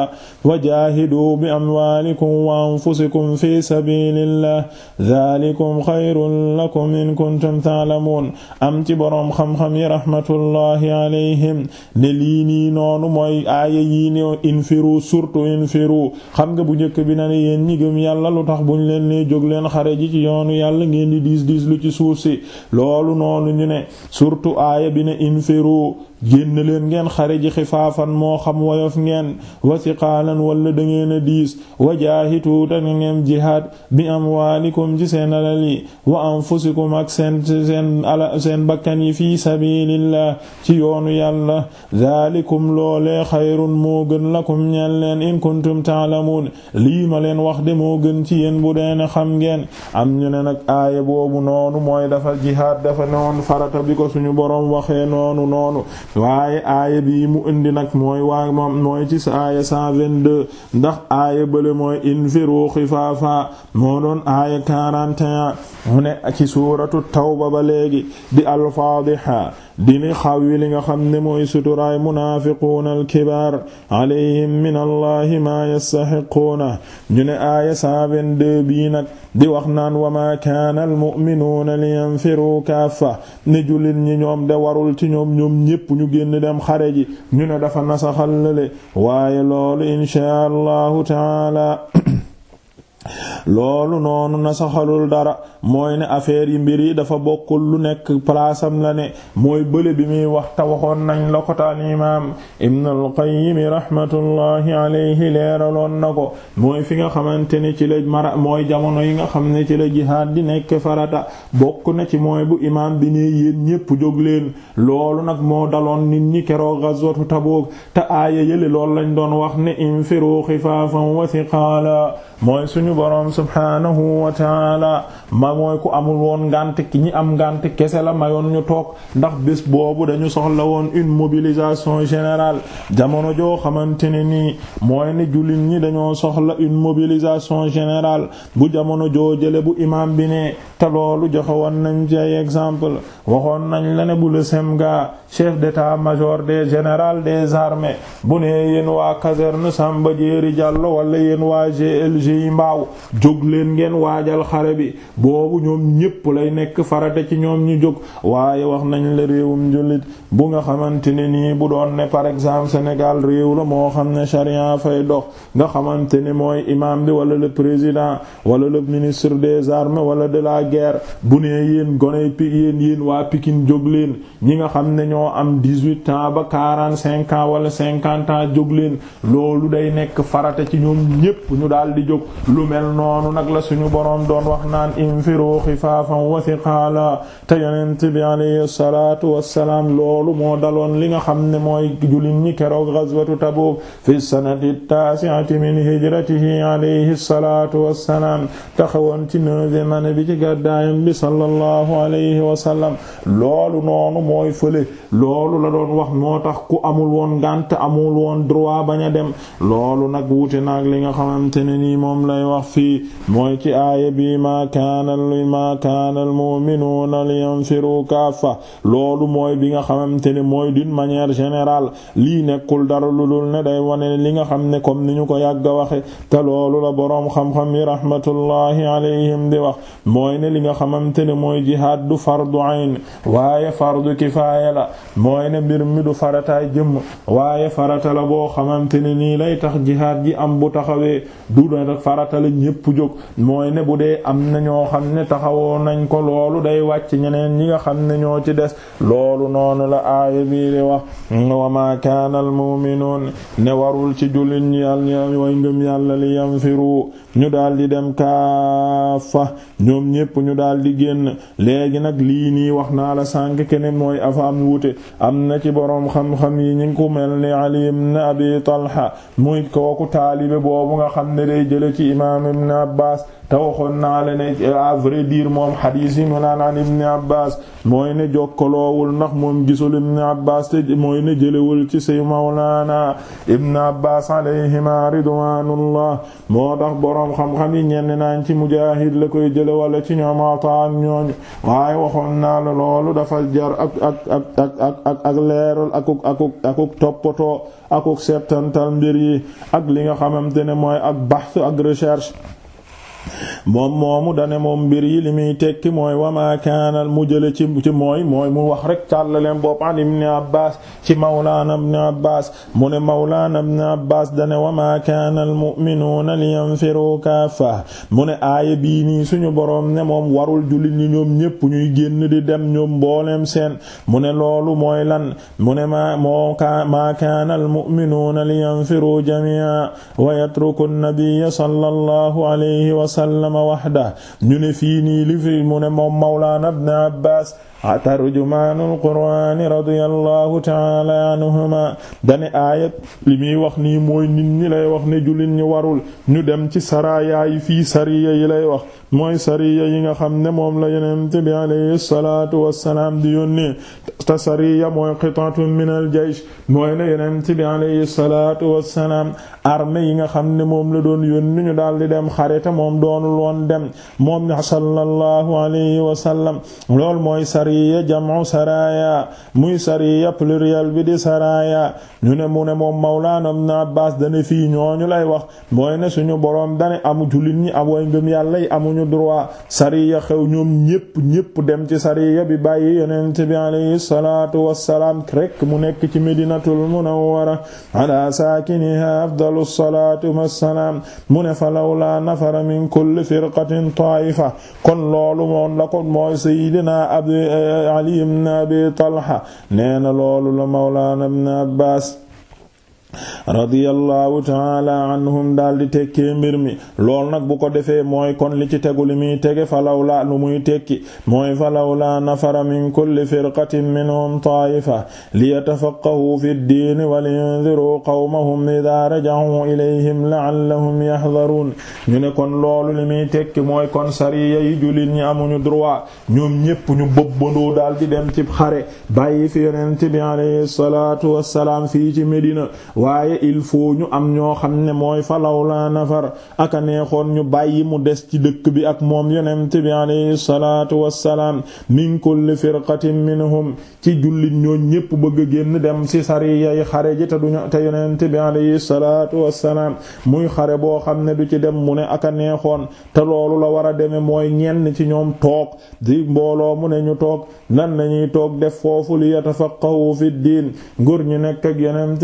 wa jaahidu bi amwaalikum wa anfusikum fi sabilillah dhalikum xayrun lakum in kuntum ta'lamun am ci boroom xam-xam yi rahmatullahi alayhim ne lii nii noonu mooy aaya yii ne infiru surtout infiru xam nga bu njëkk bi na ne yéen ñi gëm yàlla lu tax buñ leen ne jóg leen xare ji ci yoonu yàlla ngeen di diis diis lu ci suuf si loolu noonu ñu ne surtout aaya bi na infiru génn ngeen xare ji xifaafan moo xam woyof ngeen wa siqaalan wala da ngeen a diis wa jaahitu ngeen jihaad bi am amwaalikum ci seen alal yi wa anfusikum ak seen seen ala seen bakkan yi fii sabilillah ci yoonu yàlla daalikum loole xayrun moo gën lakum ñeen leen in kuntum taalamuun lii ma leen wax de moo gën ci yéen bu deen xam ngeen am ñu ne nag aaya boobu noonu mooy dafa jihaad dafa noonu farata bi ko suñu boroom waxee noonu noonu waaye aaya bii mu indi nag mooy waa moom mooy ci aaya 122 ndax aaya bële mooy infiru xifaafa moo doon aaya 41 mu ne ci suuratu tawba ba léegi di al-Faadiha dini xawwi li nga xam ne mooy suturaay munaafiquuna alkibaar alayhim min allahi maa yastaxiquuna ñu ne aaya 122 bii nag di wax naan wa maa kaana almu'minuuna liyanfiru kaaffa ne jullit ñi ñoom de warul ci ñoom ñoom ñépp ñu génn dem xare ji ñu ne dafa nasaxal lale waaye loolu inshaa allahu taala loolu noonu nasaxalul dara mooy ne affaire yi mbir yi dafa bokkul lu nekk palaasam la ne mooy bële bi muy wax ta waxoon nañ la ko ta al imaam Ibn al-Qayyim rahmatullahi leeraloon na ko mooy fi nga xamante ne ci la mara mooy jamono yi nga xam ne ci la jihaad di nekk farata bokk na ci mooy bu imaam bi ne yéen ñépp jóg loolu nag moo daloon nit ñi keroog ghazwatu Tabuk te aaya yële loolu lañ doon wax ne infiru xifaafan wa mooy suñu boroom subhaanahu wa wala mooy ku amul woon ngànt ki ñi am ngànt kese la mayoon ñu toog ndax bés boobu dañu soxla woon une mobilisation général jamono joo xamante ne nii mooy ne jullit ñi dañoo soxla une mobilisation général bu jamono joo jële bu imam bi ne te loolu joxe woon nañ ci exemple waxoon nañ la ne bu le semga chef d'état-major des général des armées bu nee yéen waa caserne Samba Diéry wala yéen waa GLG yi mbaaw jóg leen ngeen waajal xare bi boo boobu ñoom ñépp lay nekk farata ci ñoom ñu jóg waaye wax nañ la réewum jullit bu nga xamante ne nii bu doon ne par exemple Sénégal réew la moo xam ne charia fay dox nga xamante ne mooy imam bi wala le président wala le ministre des armes wala de la guerre bu nee yéen goney pi yéen waa Pikine jóg leen ñi nga xam ne ñoo am dix-huit ba quarante-cinq wala cinquante ans jóg leen loolu day nekk farata ci ñoom ñépp ñu daal di jóg lu mel noonu nag la suñu boroom doon wax naan anfiru xifaafan wa thiqaala te yonent bi alayhi salaatu wassalaam loolu moo daloon li nga xam ne mooy jullit ñi keroog ghazwatu Tabuk fi sanati taasi'ati min hijratihi alayhi salaatu wassalaam taxawoon ci neuvième année bi ci gàddaayam bi sallallahu alayhi wa sallam loolu noonu mooy fële loolu la doon wax moo tax ku amul woon ngànt amul woon droit bañ a dem loolu nag wuute nag li nga xamante ne nii moom lay wax fii mooy ci aaya bi ma kaana ma kaana al mu'minuuna liyanfiru kaaffa loolu mooy bi nga xamante ne mooy d'une manière général lii nekkul dara lu dul ne day wane li nga xam ne comme ni ñu ko yàgg waxe te loolu la boroom xam-xam yi rahmatullahi alayhim di wax mooy ne li nga xamante ne mooy jihaad du fardu ayn waaye fardu kifaaya la mooy ne mbir mi du farataay jëmm waaye faratala boo xamante ne nii lay tax jihaad ji am bu taxawee du farata la ñépp jóg mooy ne bu dee am na ñoo xam ne taxawoon nañ ko loolu day wàcc ñeneen ñi nga xam ne ñoo ci des loolu noonu la aaya bii di wax wa maa kaana al mu'minuun ne warul ci jullit ñi yàlla way yàlla li yanfiru ñu daal di dem kaafa ñoom ñépp ñu daal di génn léegi nag lii nii wax naa la sànq kene mooy afa am wuute am na ci boroom xam-xam yi ñu ko mel ni Ali ibn Abi Talha muy kooku taalibe boobu nga xam ne day jële ci imaam ibn Abbaas te waxoon naa la ne à moom xadiis yi mu naan an ibni abbas mooy ne jokkaloowul ndax moom gisul ibni abbas te mooy ne jëlewul ci say mawlaana ibni abbas alayhima ridwanullah moo tax boroom xam-xam yi ñenn naan ci mujaahid la koy jële wala ci ñoom ataan ñooñu waaye waxoon naa la loolu dafa jar ak ak ak ak ak ak ak leeral akuk toppatoo akuk septantal mbir yi ak li nga xamante ne mooy ak bahth ak recherche moom moomu dane moom mbir yi li muy tekki mooy wama kaana mu jële ci ci mooy mooy mu wax rek càllaleen bopp an ibni abbas ci mawlaana ibni abbas mu ne mawlaana ibni abbas dane wama kaana al mu'minuuna liyanfiru kaafa mu ne aaya bii nii suñu boroom ne moom warul jullit ñi ñuy génn di dem ñoom mbooleem seen mu ne loolu mooy lan mu ne maa jamii'a wa yatruku an-nabiyya sallallahu alayhi wa wa sallama waxda ñu ne fii nii li fi mu ne moom mawlaana ibn Abbaas tarjumaanul qur'aani radiyallahu ta'ala anhuma dane aayat li muy wax ni mooy nit ñi lay wax ne jullit ñi warul ñu dem ci saraya yi fii sariya yi lay wax mooy sariya yi nga xam ne moom la yonent bi alayhi salaatu wassalaam di yónnee te sariya mooy qit'atun min al-jaysh mooy ne yonent yi nga xam ne moom la doon yónni ñu daal di dem xareta moom doonul woon dem moom sallallahu alayhi sariya sariya jam'u saraya muy sariya pluriel bi di saraya ñu ne mu ne moom mawlaana ibn Abbaas dane fii ñooñu lay wax mooy ne suñu boroom dane amu jullit ñi am way ngëm yàlla yi amuñu droit sariya xew ñoom ñépp ñépp dem ci sariya bi bàyyi yonent bi alayhi salaatu wassalaam rek mu nekk ci Madinatul Munawwara ala saakiniha afdalu salaatu wassalaam mu ne fa min kulli firqatin taa'ifa kon loolu moon la ko mooy sayyidina Ali ibn Abi Talha nee na loolu la Mawlana ibn Abbas radiyallahu taala anhum daal di tekkee mbir mi lool nag bu ko defee mooy kon li ci tegu li muy tege falawla lu muy tekki mooy falawla nafara min kulli firqatin minhum taa'ifa liyatafaqqahu fi ddiini wa liyanziru qawmahum idaa raja'u ilayhim la'allahum yahdharuun ñu ne kon loolu li muy tekki mooy kon sariya yi jullit ñi amuñu droit ñoom ñépp ñu bëbbandoo daal di dem ci xare bàyyi fi yonent bi alayhi salaatu wassalaam fii ci Medina waaye il faut ñu am ñoo xam ne mooy falaw laa nafar aka neexoon ñu bàyyi mu des ci dëkk bi ak moom yonent bi alayhi salaatu wassalaam min kulli firqatin minhum ci jullit ñooñ ñépp bëgg génn dem ci sariyay xare ji te duñu te yonent bi alayhi salaatu wassalaam muy xare boo xam ne du ci dem mu ne ak neexoon te loolu la war a deme mooy ñenn ci ñoom toog di mbooloo mu ne ñu toog nan lañuy toog def foofu li yatafaqahu fi diin ngor ñu nekk ak yonent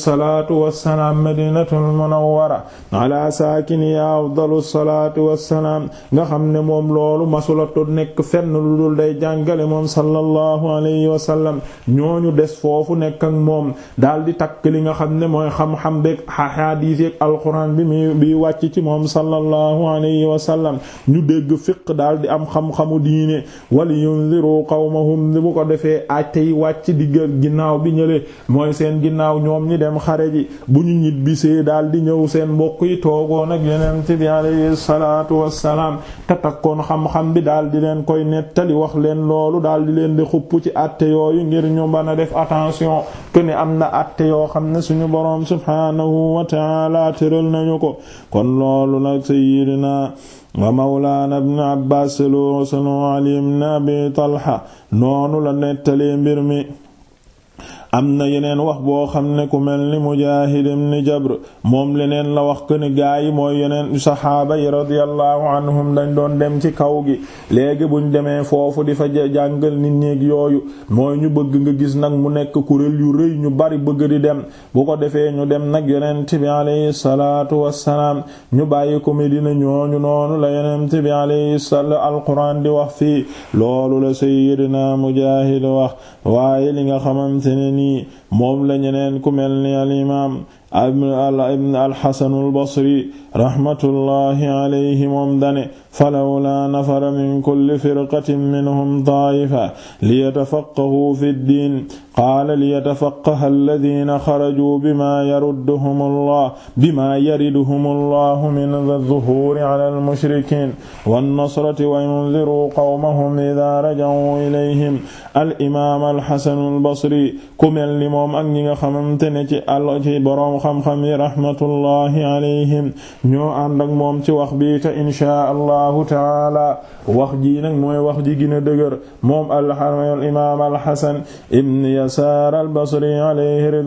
salaatu wassalaam madinatul munawwara ala saakiniha afdalu salaatu wassalaam nga xam ne moom loolu masulatu nekk fenn lu dul day jàngale moom sallallahu alayhi wa sallam ñooñu des foofu nekk ak moom daal di takk li nga xam ne mooy xam-xam beeg xadiis ak alquran bi muy wàcc ci moom sallallahu alayhi ñu dégg fiq daal di am xam-xamu diine wali yunziru qawmahum bu ko defee ay tey wàcc diggal ginnaaw bi ñële mooy seen ginnaaw ñoom ñi dem dem xare ji bu ñu ñibbisee daal di ñëw seen mbokk yi toogoon ak yeneen ci bi alayhi salaatu wassalaam te takkoon xam-xam bi daal di leen koy nettali wax leen loolu daal di leen di xupp ci atte yooyu ngir ñu mën a def attention que ne am na atte yoo xam ne suñu boroom subhaanahu wa tëral nañu ko kon loolu nag sayyidina wa mawlaana ibn Abbaas selo selo Ali ibn Abi Talha noonu la nettalee mbir mi am na yeneen wax boo xam ne ku mel ni Mujaahid ibn Jabr moom leneen la wax que ne gaa yi mooy yeneen saxaaba yi radiyallahu anhum dañ doon dem ci kaw gi léegi buñ demee foofu di fa jàngal nit ñeeg yooyu mooy ñu bëgg nga gis nag mu nekk kuréel yu rëy ñu bari bëgg di dem bu ko defee ñu dem nag yonent bi alayhi salaatu wassalaam ñu bàyyi ko Medina ñooñu noonu la yonent bi alayhi salaatu alquran di wax fii loolu la sayyidina Mujaahid wax nii moom la ñeneen ku mel ni al imaam ibn alxasanul basri raxmatullahi alayhi moom dane falawlaa nafara min kulli firqatin minhum taa'ifa liyatafaqqahu fi ddiin qaala liyatafaqqaha alladina xarajuu bimaa yarudduhum allah bimaa yariduhum allahu min adh-dhuhuuri ala al-mushrikiin wan-nasrati wa yunziruu qawmahum idaa raja'uu ilayhim al-imaam al-hasan al-basri ku mel ni moom ak ñi nga xamante ne ci àll ci boroom xam-xam yi rahmatullahi alayhim ñoo ànd ak moom ci wax bi te inshaa allahu taala wax ji nag mooy wax ji gën a dëgër moom al-imaam al-hasan ibn Yasaar al-Basri alayhi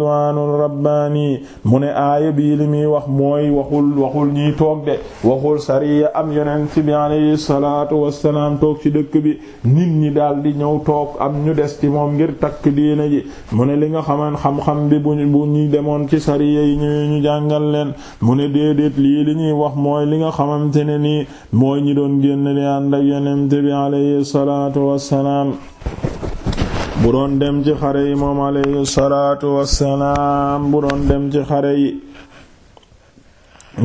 mu ne aaya bii li muy wax mooy waxul waxul ñiy toog de waxul sariya am yonent bi alayhi salaatu wassalaam toog ci dëkk bi nit ñi daal di ñëw toog am ñu des ci moom ngir takk diina ji mu ne li nga xaman xam-xam bi bu bu demoon ci sariya yi ñëwee ñu jàngal leen mu ne déedéet lii li ñuy wax mooy li nga xamante ne nii mooy ñi doon génn di ànd ak yonent bi alayhi salaatu wassalaam bu doon dem ci xare yi moom alayhi salaatu wassalaam bu doon dem ci xare yi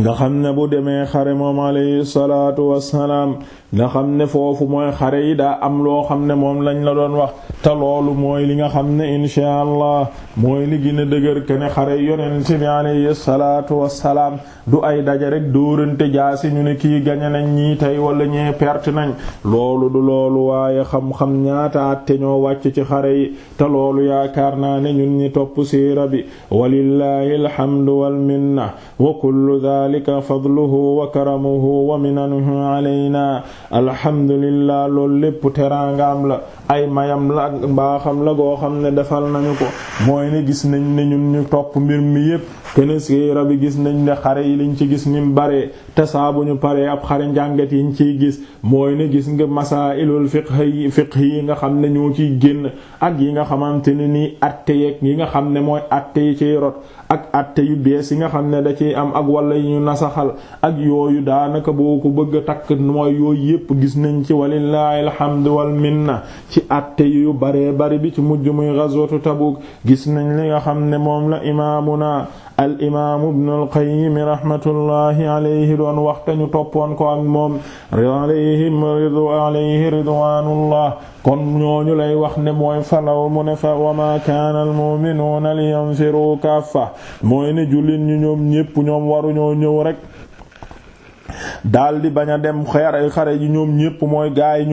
nga xam ne bu demee xare moom alayhi salaatu wassalaam nga xam ne foofu mooy xare yi daa am loo xam ne moom lañ la doon wax te loolu mooy li nga xam ne inshaa allah mooy li gën dëgër ke ne xare yonent bi alayhi salaatu wassalaam du ay daja rek dóorante jaasi ñu ne kii gañe nañ ñii tey wala ñee perte nañ loolu du loolu waaye xam-xam ñaata atte ñoo wàcc ci xare yi te loolu yaakaar naa ne ñun ñi topp siira bi walillahi alhamdu wal minna wa kullu dhalika fadluhu wa karamuhu wa minanuhu alayna alhamdulillah loolu lépp teraangaam la ay mayam la ak mbaaxam la goo xam ne defal nañu ko mooy ne gis nañ ne ñun ñu topp mbir mi yépp kene siira bi gis nañ ne xare yi lañ ci gis nim baree te bu ñu paree ab xare njàngat yiñ ciy gis mooy ne gis nga masailul fiqh yi fiqh yi nga xam ne ñoo ciy génn ak yi nga xamante ne nii atte yeeg yi nga xam ne mooy atte yi ciy rot ak atte yu bees yi nga xam ne da ciy am ak walla yi ñu nasaxal ak yooyu daanaka boo ko bëgg a takk mooy yooyu yépp gis nañ ci walillahi alhamdu wal minna ci àtte yu baree bari bi ci mujj muy ghazwatu Tabuk gis nañ li nga xam ne moom la imaamuna al imaamu ibnu al qayyim rahmatullahi alayhi doon waxtañu toppoon ko ak moom alayhim alayhi ridwanullah kon ñooñu lay wax ne mooy falaw mu ne fa wa ma kaana al mu'minuuna liyanfiru kaffa mooy ne jullit ñu ñoom ñépp ñoom waruñoo ñëw rek daldi bañ dem xare ji ñoom ñépp mooy gaay